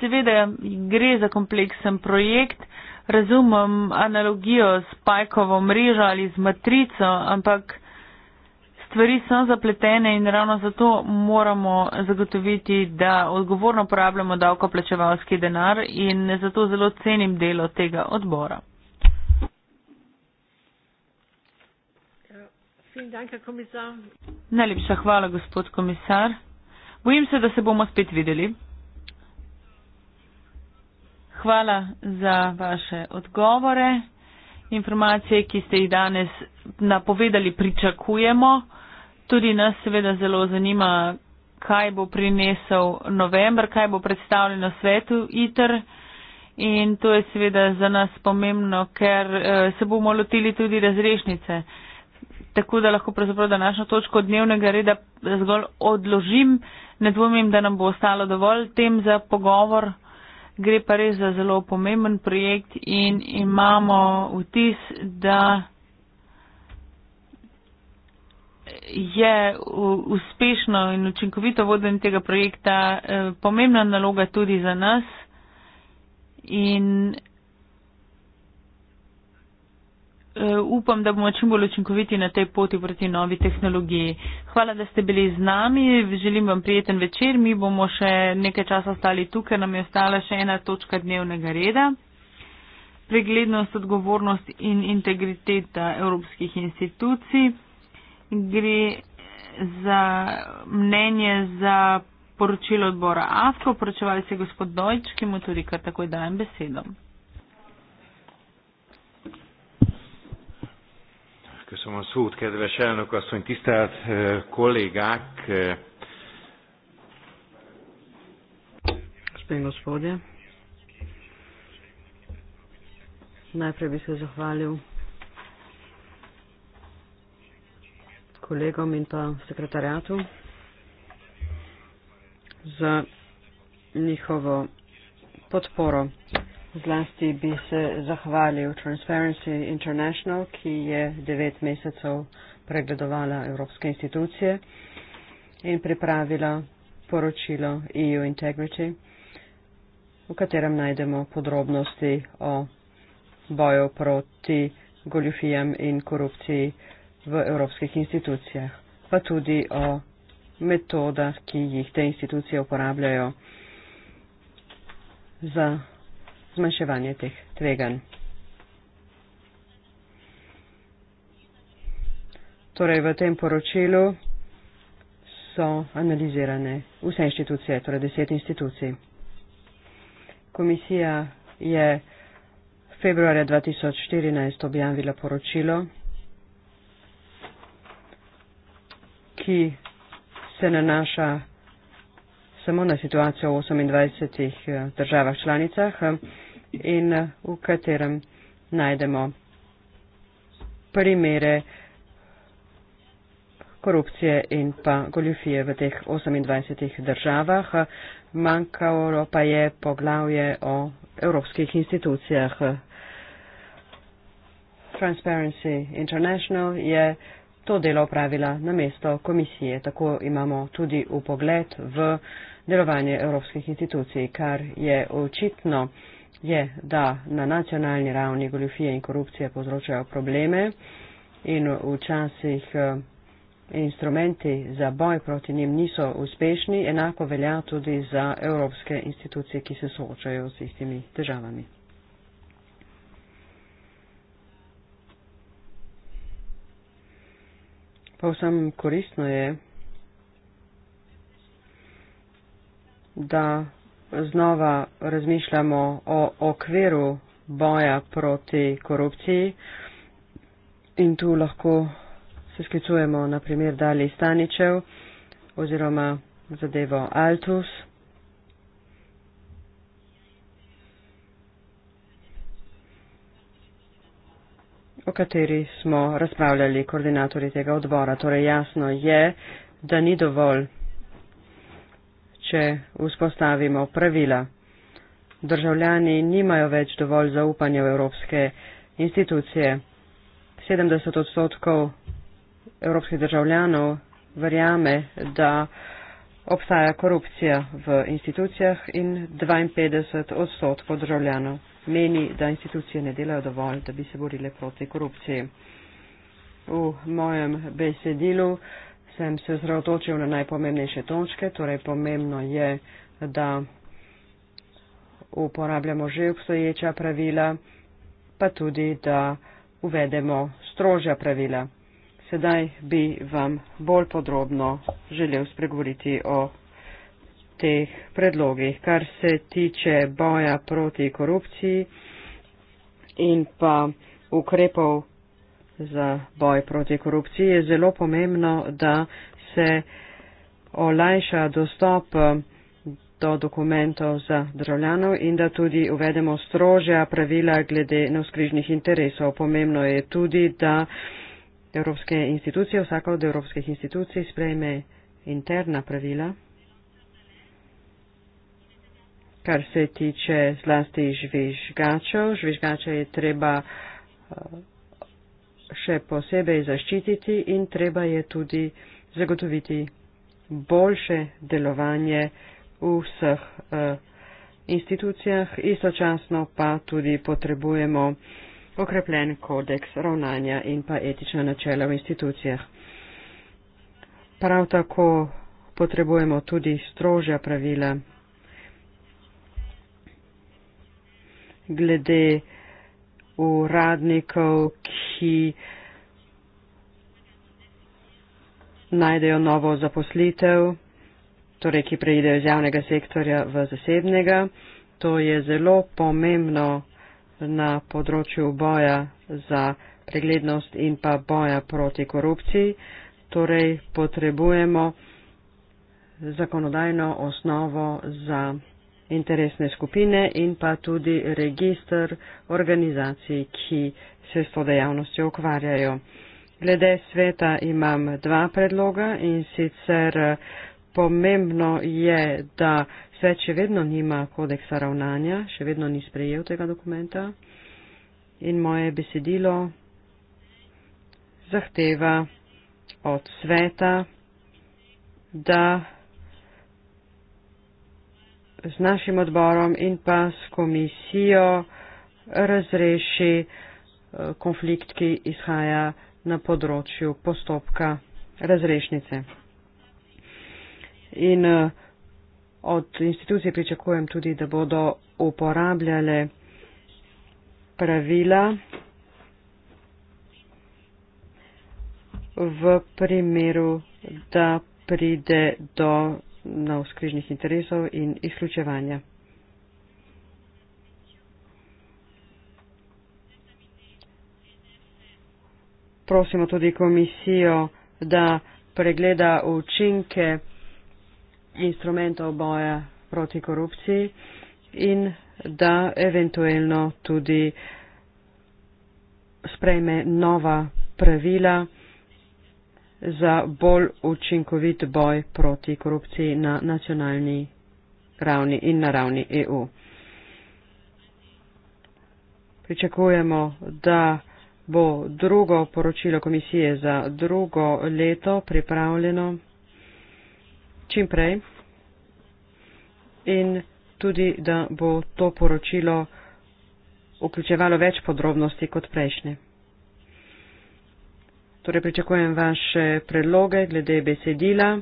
Seveda gre za kompleksen projekt, razumem analogijo s pajkovo mrežo ali z matrico, ampak stvari so zapletene in ravno zato moramo zagotoviti, da odgovorno porabljamo davkoplačevalski denar in zato zelo cenim delo tega odbora. Najlepša hvala, gospod komisar. Bojim se, da se bomo spet videli. Hvala za vaše odgovore. Informacije, ki ste jih danes napovedali, pričakujemo. Tudi nas seveda zelo zanima, kaj bo prinesel novembr, kaj bo predstavljeno svetu ITER. In to je seveda za nas pomembno, ker eh, se bomo lotili tudi razrešnice. Tako da lahko pravzaprav današnjo točko dnevnega reda eh, zgolj odložim. Ne dvomim, da nam bo ostalo dovolj tem za pogovor gre pa res za zelo pomemben projekt in imamo vtis, da je uspešno in učinkovito vodenje tega projekta eh, pomembna naloga tudi za nas. In Eh, upam, da bomo čim bolj učinkoviti na tej poti proti novi tehnologiji. Hvala, da ste bili z nami. Želim vam prijeten večer. Mi bomo še nekaj časa ostali tukaj, nam je ostala še ena točka dnevnega reda. Preglednost, odgovornost in integriteta evropskih institucij. Gre za mnenje za poročilo odbora AFKO, poročevalce gospod Dojč, ki mu tudi kar takoj dajem besedo. Köszönöm a szót, kedves elnök asszony, tisztelt eh, kollégák! Spengos eh. fordja. Najprej bi se zahvalil kolegom in pa sekretarjatu za njihovo podporo. Zlasti bi se zahvalil Transparency International, ki je devet mesecev pregledovala evropske institucije in pripravila poročilo EU Integrity, v katerem najdemo podrobnosti o boju proti goljufijam in korupciji v evropskih institucijah, pa tudi o metodah, ki jih te institucije uporabljajo za zmanjševanje teh tvegan. Torej, v tem poročilu so analizirane vse inštitucije, torej deset institucij. Komisija je februarja 2014 objavila poročilo, ki se nanaša samo na situacijo v 28 eh, državah članicah in eh, v katerem najdemo primere korupcije in pa goljufije v teh 28 državah. Manjkalo pa je poglavje o evropskih institucijah. Transparency International je to delo opravila na mesto komisije. Tako imamo tudi v pogled v delovanje evropskih institucij, kar je očitno je, da na nacionalni ravni goljofije in korupcije povzročajo probleme in včasih eh, instrumenti za boj proti njim niso uspešni, enako velja tudi za evropske institucije, ki se soočajo z istimi težavami. Povsem koristno je, da znova razmišljamo o okviru boja proti korupciji in tu lahko se sklicujemo na primer Dali Staničev oziroma zadevo Altus. o kateri smo razpravljali koordinatorji tega odbora. Torej jasno je, da ni dovolj če vzpostavimo pravila. Državljani nimajo več dovolj zaupanja v evropske institucije. 70 odstotkov evropskih državljanov verjame, da obstaja korupcija v institucijah in 52 odstotkov državljanov meni, da institucije ne delajo dovolj, da bi se borile proti korupciji. V mojem besedilu uh, sem se zravotočil na najpomembnejše točke, torej pomembno je, da uporabljamo že obstoječa pravila, pa tudi, da uvedemo strožja pravila. Sedaj bi vam bolj podrobno želel spregovoriti o teh predlogih, kar se tiče boja proti korupciji in pa ukrepov za boj proti korupciji, je zelo pomembno, da se olajša dostop eh, do dokumentov za državljanov in da tudi uvedemo strožja pravila glede neuskrižnih interesov. Pomembno je tudi, da evropske institucije, vsaka od evropskih institucij sprejme interna pravila, kar se tiče zlasti žvižgačev. Žvižgače je treba eh, še posebej zaščititi in treba je tudi zagotoviti boljše delovanje v vseh uh, institucijah, istočasno pa tudi potrebujemo okrepljen kodeks ravnanja in pa etična načela v institucijah. Prav tako potrebujemo tudi strožja pravila glede uradnikov, ki ki najdejo novo zaposlitev, torej ki preidejo iz javnega sektorja v zasebnega. To je zelo pomembno na področju boja za preglednost in pa boja proti korupciji. Torej potrebujemo zakonodajno osnovo za interesne skupine in pa tudi registr organizacij, ki se s to dejavnostjo ukvarjajo. Glede sveta imam dva predloga in sicer eh, pomembno je, da svet še vedno nima kodeksa ravnanja, še vedno ni sprejel tega dokumenta in moje besedilo zahteva od sveta, da z našim odborom in pa s komisijo razreši eh, konflikt, ki izhaja na področju postopka razrešnice. In eh, od institucije pričakujem tudi, da bodo uporabljale pravila v primeru, da pride do navskrižnih interesov in izključevanja. Prosimo tudi komisijo, da pregleda učinke instrumentov boja proti korupciji in da eventuelno tudi sprejme nova pravila za bolj učinkovit boj proti korupciji na nacionalni ravni in na ravni EU. Pričakujemo, da bo drugo poročilo komisije za drugo leto pripravljeno čim prej in tudi, da bo to poročilo vključevalo več podrobnosti kot prejšnje. Torej pričakujem vaše predloge glede besedila.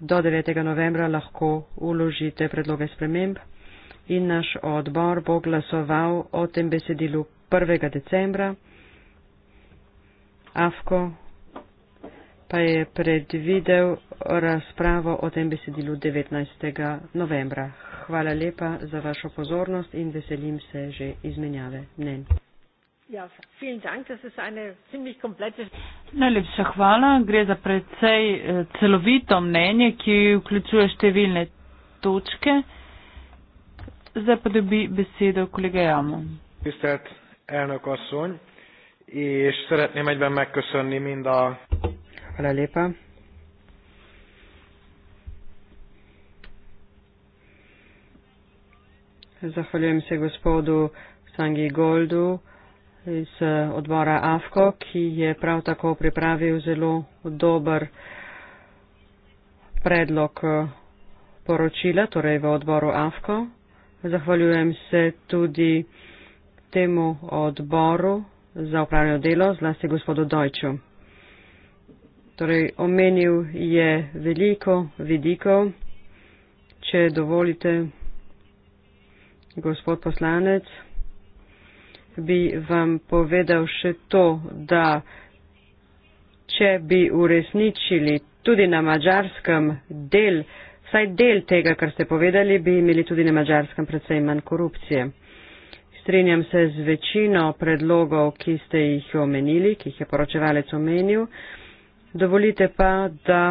Do 9. novembra lahko uložite predloge sprememb in naš odbor bo glasoval o tem besedilu 1. decembra. AFKO pa je predvidel razpravo o tem besedilu 19. novembra. Hvala lepa za vašo pozornost in veselim se že izmenjave mnenj. Ja, Najlepša hvala. Gre za predvsej eh, celovito mnenje, ki vključuje številne točke. Zdaj pa dobi besedo kolega Jamo. Tisztelt elnök asszony, és szeretném egyben megköszönni mind a... Hála lépa. Zahvaljujem se gospodu Sangi Goldu, iz eh, odbora AFKO, ki je prav tako pripravil zelo dober predlog eh, poročila, torej v odboru AFKO. Zahvaljujem se tudi temu odboru za upravljanje delo, zlasti gospodu Dojču. Torej, omenil je veliko vidikov. Če dovolite, gospod poslanec bi vam povedal še to, da če bi uresničili tudi na mačarskem del, vsaj del tega, kar ste povedali, bi imeli tudi na mačarskem predvsej manj korupcije. Strinjam se z večino predlogov, ki ste jih omenili, ki jih je poročevalec omenil. Dovolite pa, da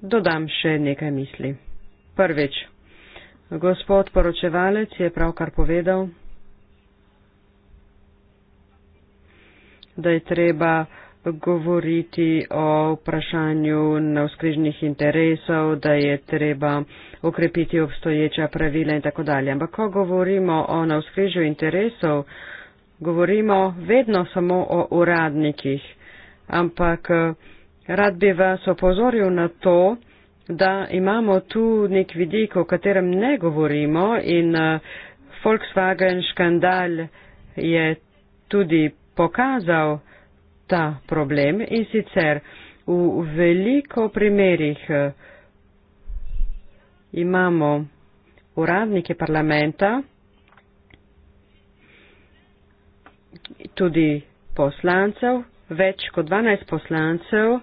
dodam še nekaj misli. Prvič, Gospod poročevalec je pravkar povedal, da je treba govoriti o vprašanju navskrižnih interesov, da je treba ukrepiti obstoječa pravila in tako dalje. Ampak ko govorimo o navskrižju interesov, govorimo vedno samo o uradnikih. Ampak rad bi vas opozoril na to, da imamo tu nek vidik, o katerem ne govorimo in eh, Volkswagen škandal je tudi pokazal ta problem in sicer v veliko primerih eh, imamo uradnike parlamenta, tudi poslancev, več kot 12 poslancev,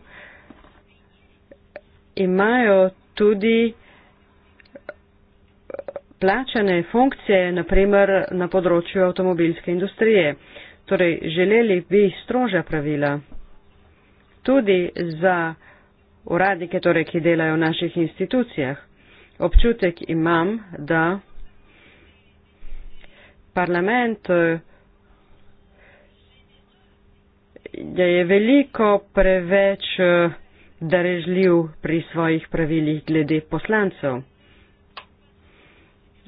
imajo tudi plačane funkcije, naprimer na področju avtomobilske industrije. Torej, želeli bi strožja pravila tudi za uradnike, torej, ki delajo v naših institucijah. Občutek imam, da parlament je veliko preveč eh, darežljiv pri svojih pravilih glede poslancev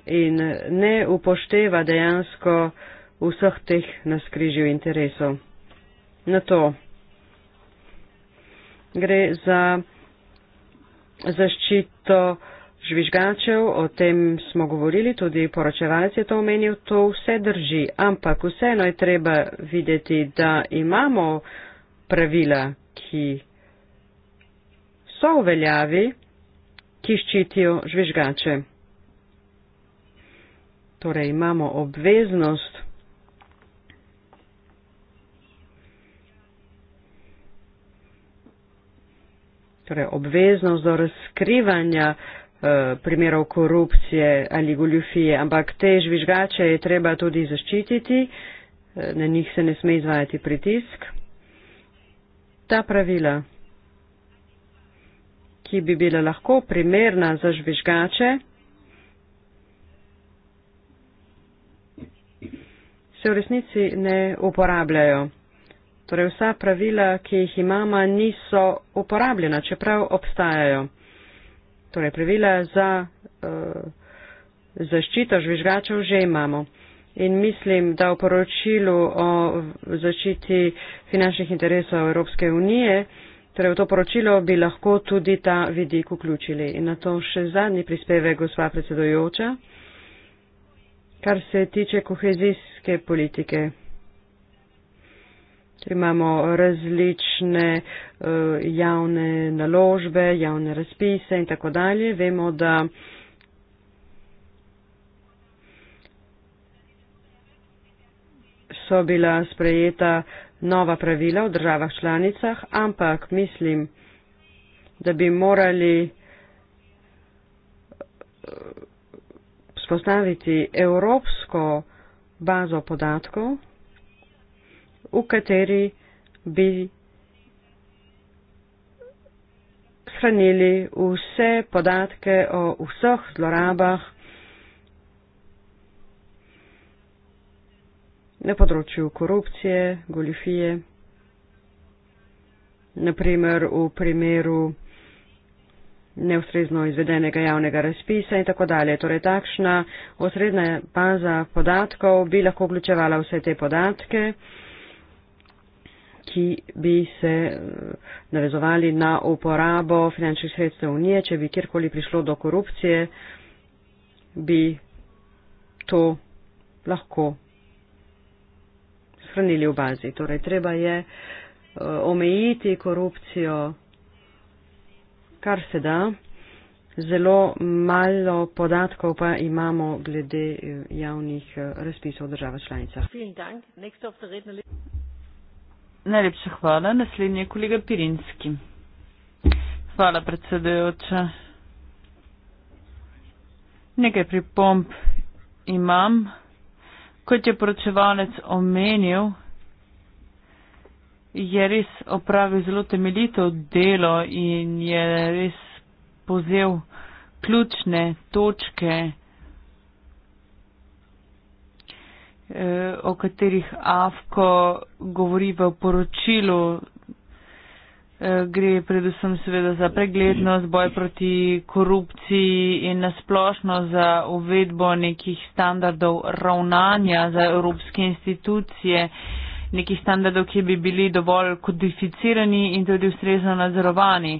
in ne upošteva dejansko vseh teh naskrižil interesov. Na to gre za zaščito žvižgačev, o tem smo govorili, tudi poročevalec je to omenil, to vse drži, ampak vseeno je treba videti, da imamo pravila, ki so v veljavi, ki ščitijo žvižgače. Torej imamo obveznost torej obveznost do razkrivanja eh, primerov korupcije ali goljufije, ampak te žvižgače je treba tudi zaščititi, eh, na njih se ne sme izvajati pritisk. Ta pravila ki bi bila lahko primerna za žvižgače, se v resnici ne uporabljajo. Torej vsa pravila, ki jih imamo, niso uporabljena, čeprav obstajajo. Torej pravila za uh, zaščito žvižgačev že imamo. In mislim, da v poročilu o zaščiti finančnih interesov Evropske unije uh, Torej, v to poročilo bi lahko tudi ta vidik vključili. In na to še zadnji prispeve, gospa predsedojoča, kar se tiče kohezijske politike. Imamo različne uh, javne naložbe, javne razpise in tako dalje. Vemo, da so bila sprejeta uh, nova pravila v državah članicah, ampak mislim, da bi morali spostaviti eh, evropsko bazo podatkov, v kateri bi shranili vse podatke o vseh zlorabah na področju korupcije, golifije, naprimer v primeru neustrezno izvedenega javnega razpisa in tako dalje. Torej takšna osrednja baza podatkov bi lahko vključevala vse te podatke, ki bi se eh, navezovali na uporabo finančnih sredstev unije, če bi kjerkoli prišlo do korupcije, bi to lahko hranili v bazi. Torej, treba je eh, omejiti korupcijo, kar se da. Zelo malo podatkov pa imamo glede eh, javnih eh, razpisov v državah članicah. Najlepša hvala. Naslednji je kolega Pirinski. Hvala, predsedujoča. Nekaj pripomp imam kot je poročevalec omenil, je res opravil zelo temeljito delo in je res pozel ključne točke, eh, o katerih Avko govori v poročilu Eh, gre predvsem seveda za preglednost, boj proti korupciji in nasplošno za uvedbo nekih standardov ravnanja za evropske institucije, nekih standardov, ki bi bili dovolj kodificirani in tudi ustrezno nadzorovani.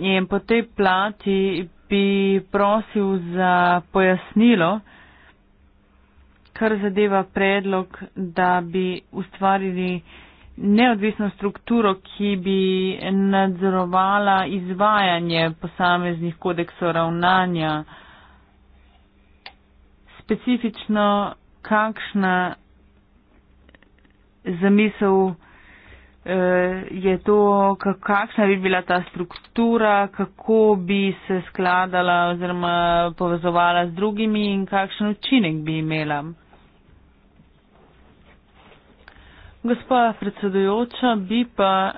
In po tej plati bi prosil za pojasnilo, kar zadeva predlog, da bi ustvarili neodvisno strukturo, ki bi nadzorovala izvajanje posameznih kodeksov ravnanja. Specifično, kakšna zamisel eh, je to, kakšna bi bila ta struktura, kako bi se skladala oziroma povezovala z drugimi in kakšen učinek bi imela. Gospa predsedujoča, bi pa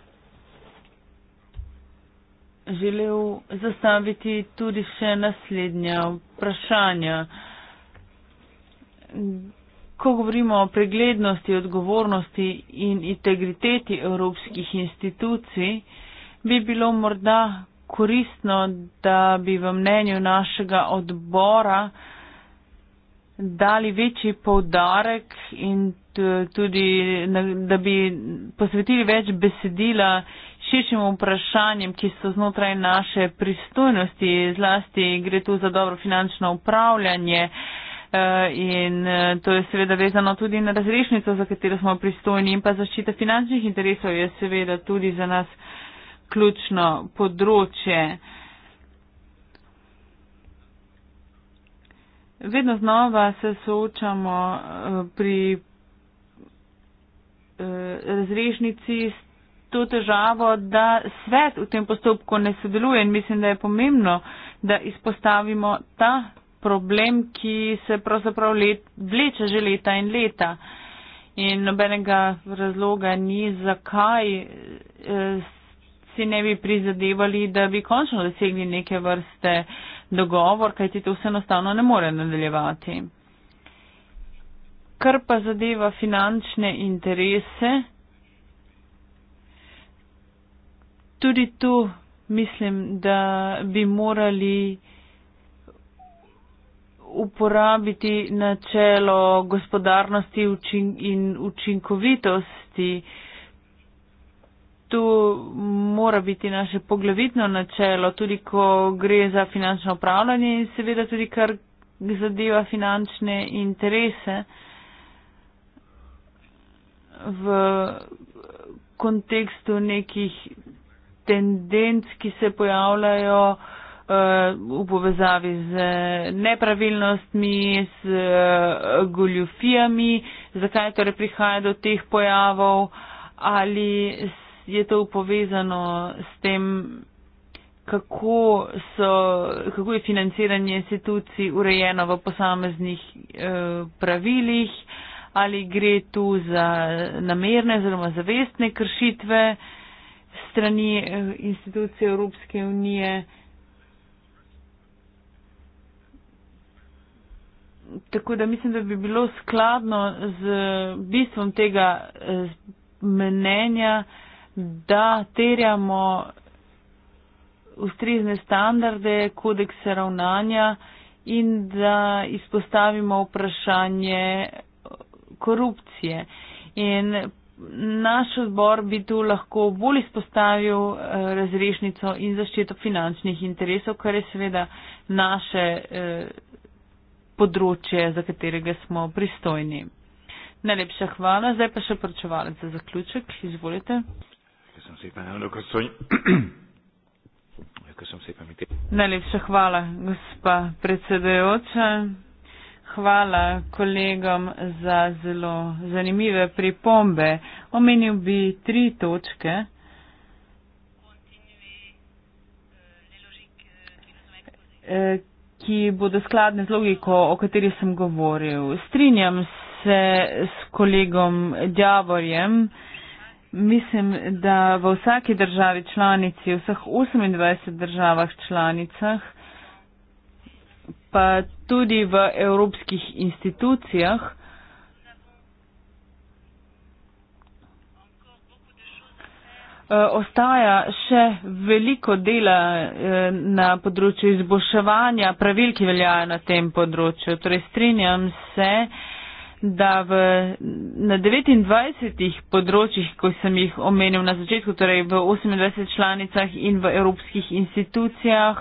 želel zastaviti tudi še naslednja vprašanja. Ko govorimo o preglednosti, odgovornosti in integriteti evropskih institucij, bi bilo morda koristno, da bi v mnenju našega odbora dali večji poudarek in tudi, da bi posvetili več besedila širšim vprašanjem, ki so znotraj naše pristojnosti, zlasti gre tu za dobro finančno upravljanje eh, in eh, to je seveda vezano tudi na razrešnico, za katero smo pristojni in pa zaščita finančnih interesov je seveda tudi za nas ključno področje. Vedno znova se soočamo eh, pri eh, razrešnici s to težavo, da svet v tem postopku ne sodeluje in mislim, da je pomembno, da izpostavimo ta problem, ki se pravzaprav let, vleče že leta in leta. In nobenega razloga ni, zakaj eh, si ne bi prizadevali, da bi končno dosegli neke vrste. Uh, dogovor, kajti to se enostavno ne more nadaljevati. Kar pa zadeva finančne interese, tudi tu mislim, da bi morali uporabiti načelo gospodarnosti in učinkovitosti, tu mora biti naše poglavitno načelo, tudi ko gre za finančno upravljanje in seveda tudi kar zadeva finančne interese v kontekstu nekih tendenc, ki se pojavljajo eh, v povezavi z nepravilnostmi, z eh, goljufijami, zakaj torej prihaja do teh pojavov ali je to povezano s tem, kako, so, kako je financiranje institucij urejeno v posameznih eh, pravilih, ali gre tu za namerne oziroma zavestne kršitve strani eh, institucije Evropske unije. Tako da mislim, da bi bilo skladno z bistvom tega eh, mnenja, eh, da terjamo ustrezne standarde, kodekse ravnanja in da izpostavimo vprašanje korupcije. In naš odbor bi tu lahko bolj izpostavil eh, razrešnico in zaščito finančnih interesov, kar je seveda naše eh, področje, za katerega smo pristojni. Najlepša hvala, zdaj pa še pročevalec za zaključek. Izvolite. Köszönöm szépen, elnök asszony. Köszönöm szépen, mit Najlepša hvala, gospa predsedajoča. Hvala kolegom za zelo zanimive pripombe. Omenil bi tri točke. E, ki bodo skladne z logiko, o kateri sem govoril. Strinjam se s kolegom Djavorjem, Mislim, da v vsaki državi članici, v vseh 28 državah članicah, pa tudi v evropskih institucijah, eh, Ostaja še veliko dela eh, na področju izboljševanja pravil, ki veljajo na tem področju. Torej, strinjam se, da v, na 29 področjih, ko sem jih omenil na začetku, torej v 28 članicah in v evropskih institucijah,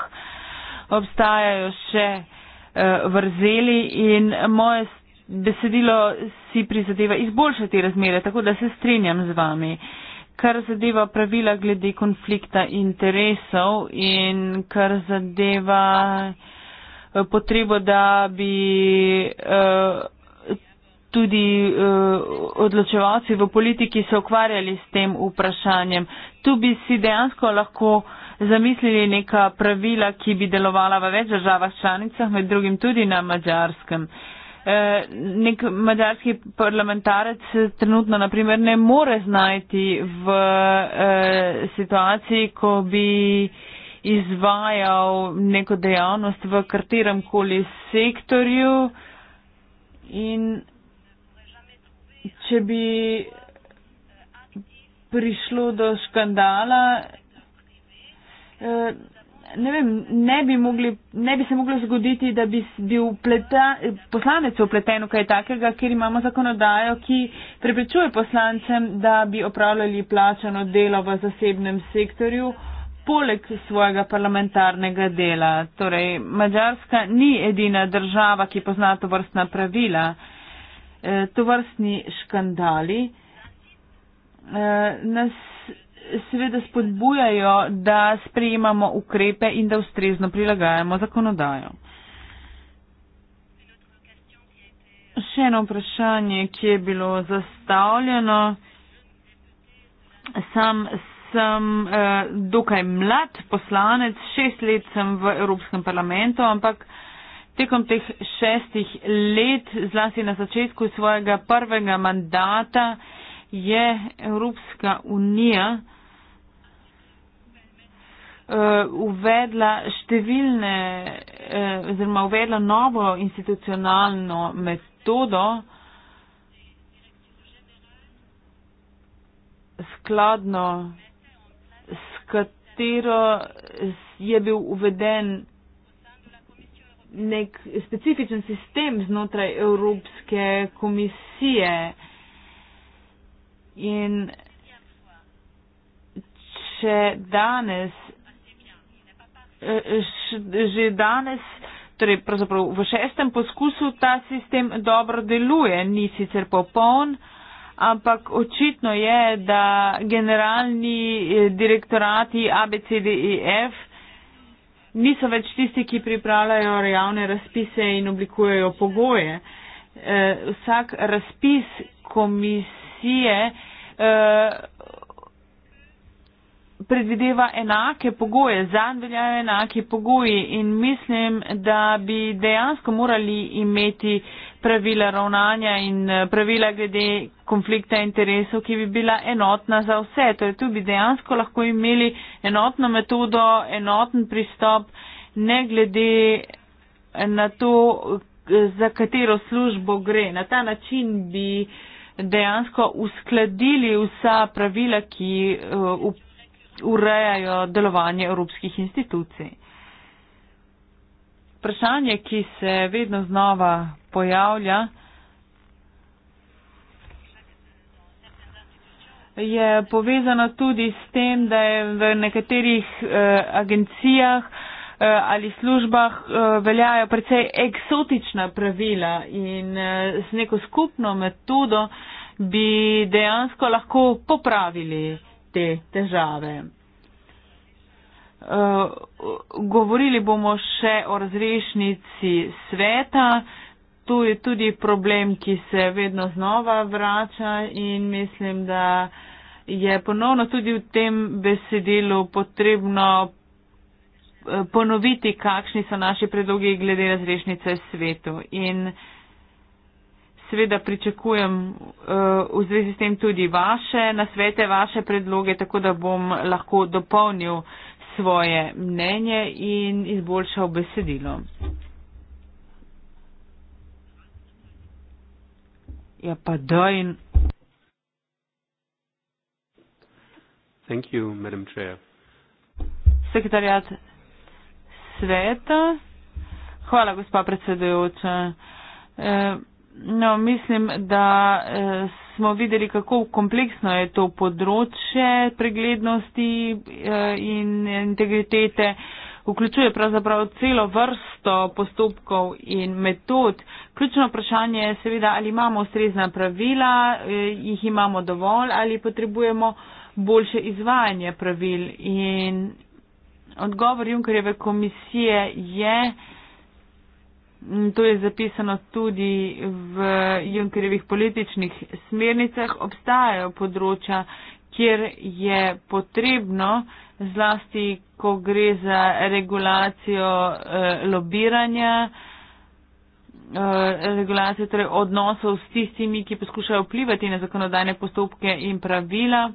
obstajajo še eh, vrzeli in moje besedilo si prizadeva izboljšati razmere, tako da se strinjam z vami. Kar zadeva pravila glede konflikta interesov in kar zadeva eh, potrebo, da bi. Eh, tudi uh, odločevalci v politiki se ukvarjali s tem vprašanjem. Tu bi si dejansko lahko zamislili neka pravila, ki bi delovala v več državah članicah, med drugim tudi na mađarskem. E, eh, nek mađarski parlamentarec trenutno naprimer ne more znajti v e, situaciji, ko bi izvajal neko dejavnost v katerem koli sektorju in če bi prišlo do škandala, eh, ne, vem, ne, bi, mogli, ne bi se moglo zgoditi, da bi bil pleta, poslanec upleten v kaj takega, ker imamo zakonodajo, ki preprečuje poslancem, da bi opravljali plačano delo v zasebnem sektorju poleg svojega parlamentarnega dela. Torej, Mačarska ni edina država, ki pozna to vrstna pravila. Eh, to vrstni škandali eh, nas seveda spodbujajo, da sprejemamo ukrepe in da ustrezno prilagajamo zakonodajo. Še eno vprašanje, ki je bilo zastavljeno. Sam sem eh, dokaj mlad poslanec, šest let sem v Evropskem parlamentu, ampak tekom teh šestih let, zlasti na začetku svojega prvega mandata, je Evropska unija eh, uvedla številne eh, oziroma uvedla novo institucionalno metodo skladno s katero je bil uveden nek specifičen sistem znotraj Evropske komisije. In če danes, e, že danes, torej pravzaprav v šestem poskusu ta sistem dobro deluje, ni sicer popoln, ampak očitno je, da generalni e, direktorati ABCDEF e, niso več tisti, ki pripravljajo javne razpise in oblikujejo pogoje. Eh, vsak razpis komisije eh, predvideva enake pogoje, zanj veljajo enake pogoji in mislim, da bi dejansko morali imeti pravila ravnanja in eh, pravila glede konflikta interesov, ki bi bila enotna za vse. Torej, tu bi dejansko lahko imeli enotno metodo, enoten pristop, ne glede na to, eh, za katero službo gre. Na ta način bi dejansko uskladili vsa pravila, ki uh, urejajo delovanje evropskih institucij vprašanje, ki se vedno znova pojavlja, je povezano tudi s tem, da je v nekaterih eh, agencijah eh, ali službah eh, veljajo precej eksotična pravila in eh, s neko skupno metodo bi dejansko lahko popravili te težave. Eh, govorili bomo še o razrešnici sveta. Tu je tudi problem, ki se vedno znova vrača in mislim, da je ponovno tudi v tem besedilu potrebno eh, ponoviti, kakšni so naši predlogi glede razrešnice svetu. In seveda pričakujem eh, v zvezi s tem tudi vaše nasvete, vaše predloge, tako da bom lahko dopolnil uh, svoje mnenje in izboljšal besedilo. Ja, pa da in. Thank you, madam chair. Sekretarjat sveta. Hvala, gospa predsedujoča. E, no, mislim, da e, smo videli, kako kompleksno je to področje preglednosti eh, in integritete. Vključuje pravzaprav celo vrsto postopkov in metod. Ključno vprašanje je seveda, ali imamo ustrezna pravila, eh, jih imamo dovolj ali potrebujemo boljše izvajanje pravil. In odgovor Junkerjeve komisije je, Mm, to je zapisano tudi v Junkerjevih političnih smernicah. Obstajajo področja, kjer je potrebno, zlasti ko gre za regulacijo eh, lobiranja, eh, regulacije torej odnosov s tistimi, ki poskušajo vplivati na zakonodajne postopke in pravila.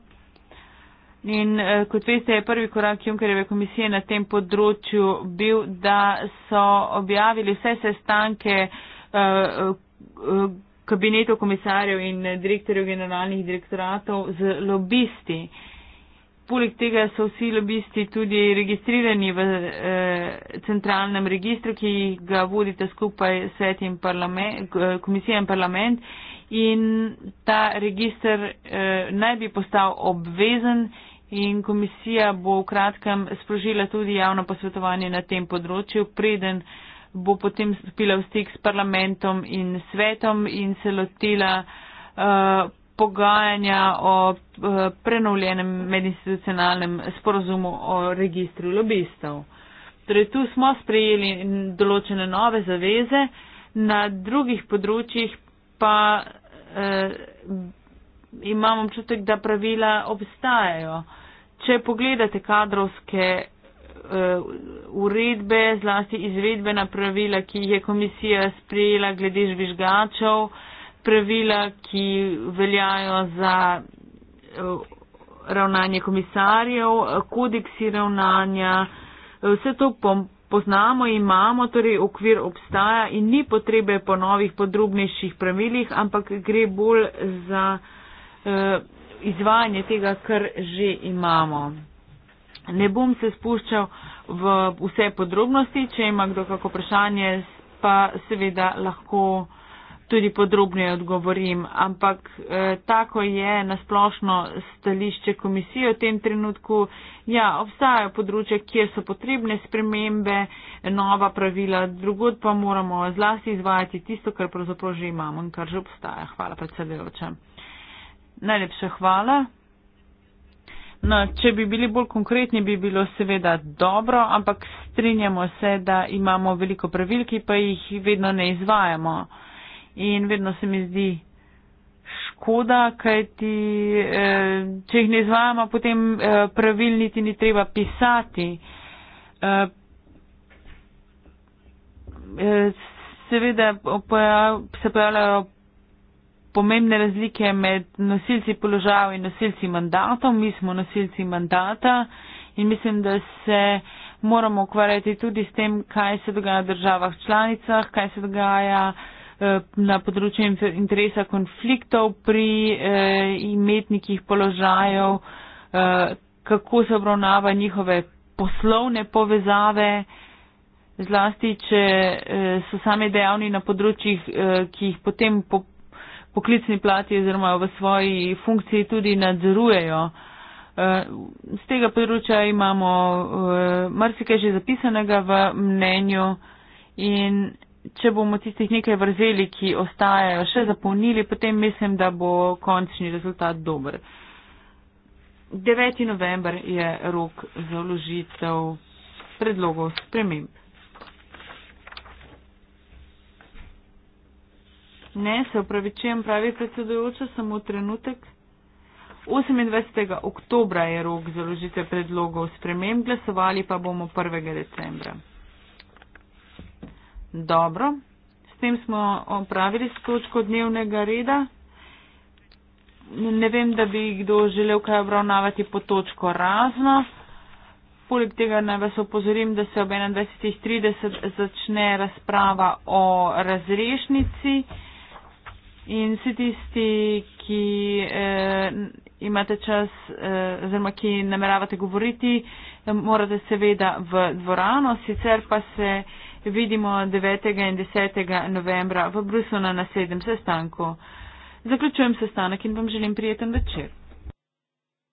In eh, kot veste, je prvi korak Junkerjeve komisije na tem področju bil, da so objavili vse sestanke eh, eh, kabinetov komisarjev in direktorjev generalnih direktoratov z lobisti. Poleg tega so vsi lobisti tudi registrirani v eh, centralnem registru, ki ga vodite skupaj s svetim komisijem parlament. In ta registr eh, naj bi postal obvezen in komisija bo v kratkem sprožila tudi javno posvetovanje na tem področju, preden bo potem stopila v stik s parlamentom in svetom in se lotila uh, pogajanja o uh, prenovljenem medinstitucionalnem sporozumu o registru lobistov. Torej, tu smo sprejeli določene nove zaveze, na drugih področjih pa. Uh, imam občutek, da pravila obstajajo. Če pogledate kadrovske eh, uredbe, zlasti izvedbena pravila, ki jih je komisija sprejela glede žvižgačev, pravila, ki veljajo za eh, ravnanje komisarjev, kodeksi ravnanja, eh, vse to poznamo, imamo, torej okvir obstaja in ni potrebe po novih podrobnejših pravilih, ampak gre bolj za uh, izvajanje tega, kar že imamo. Ne bom se spuščal v vse podrobnosti, če ima kdo kako vprašanje, pa seveda lahko tudi podrobneje odgovorim. Ampak eh, tako je nasplošno stališče komisije v tem trenutku. Ja, obstajajo področje, kjer so potrebne spremembe, nova pravila, drugod pa moramo zlasti izvajati tisto, kar pravzaprav že imamo in kar že obstaja. Hvala predsedujočem. Najlepša hvala. No, če bi bili bolj konkretni, bi bilo seveda dobro, ampak strinjamo se, da imamo veliko pravil, ki pa jih vedno ne izvajamo. In vedno se mi zdi škoda, kajti eh, če jih ne izvajamo, potem eh, pravil niti ni treba pisati. Eh, eh seveda se pojavljajo pomembne razlike med nosilci položajev in nosilci mandatov. Mi smo nosilci mandata in mislim, da se moramo ukvarjati tudi s tem, kaj se dogaja v državah članicah, kaj se dogaja eh, na področju interesa konfliktov pri eh, imetnikih položajev, eh, kako se obravnava njihove poslovne povezave, zlasti, če so sami dejavni na področjih, ki jih potem poklicni plati oziroma v svoji funkciji tudi nadzorujejo. Eh, z tega področja imamo eh, marsikaj že zapisanega v mnenju in če bomo tistih nekaj vrzeli, ki ostajajo, še zapolnili, potem mislim, da bo končni rezultat dober. 9. november je rok za vložitev predlogov sprememb. Ne, se upravičujem, pravi predsedujoča, samo trenutek. 28. oktobra je rok za ložitev predlogov sprememb, glasovali pa bomo 1. decembra. Dobro, s tem smo opravili točko dnevnega reda. Ne vem, da bi kdo želel kaj obravnavati po točko razno. Poleg tega naj vas opozorim, da se ob 21.30 začne razprava o razrešnici in vsi tisti, ki eh, imate čas eh, oziroma ki nameravate govoriti, eh, morate seveda v dvorano, sicer pa se vidimo 9. in 10. novembra v Bruslu na naslednjem sestanku. Zaključujem sestanek in vam želim prijeten večer.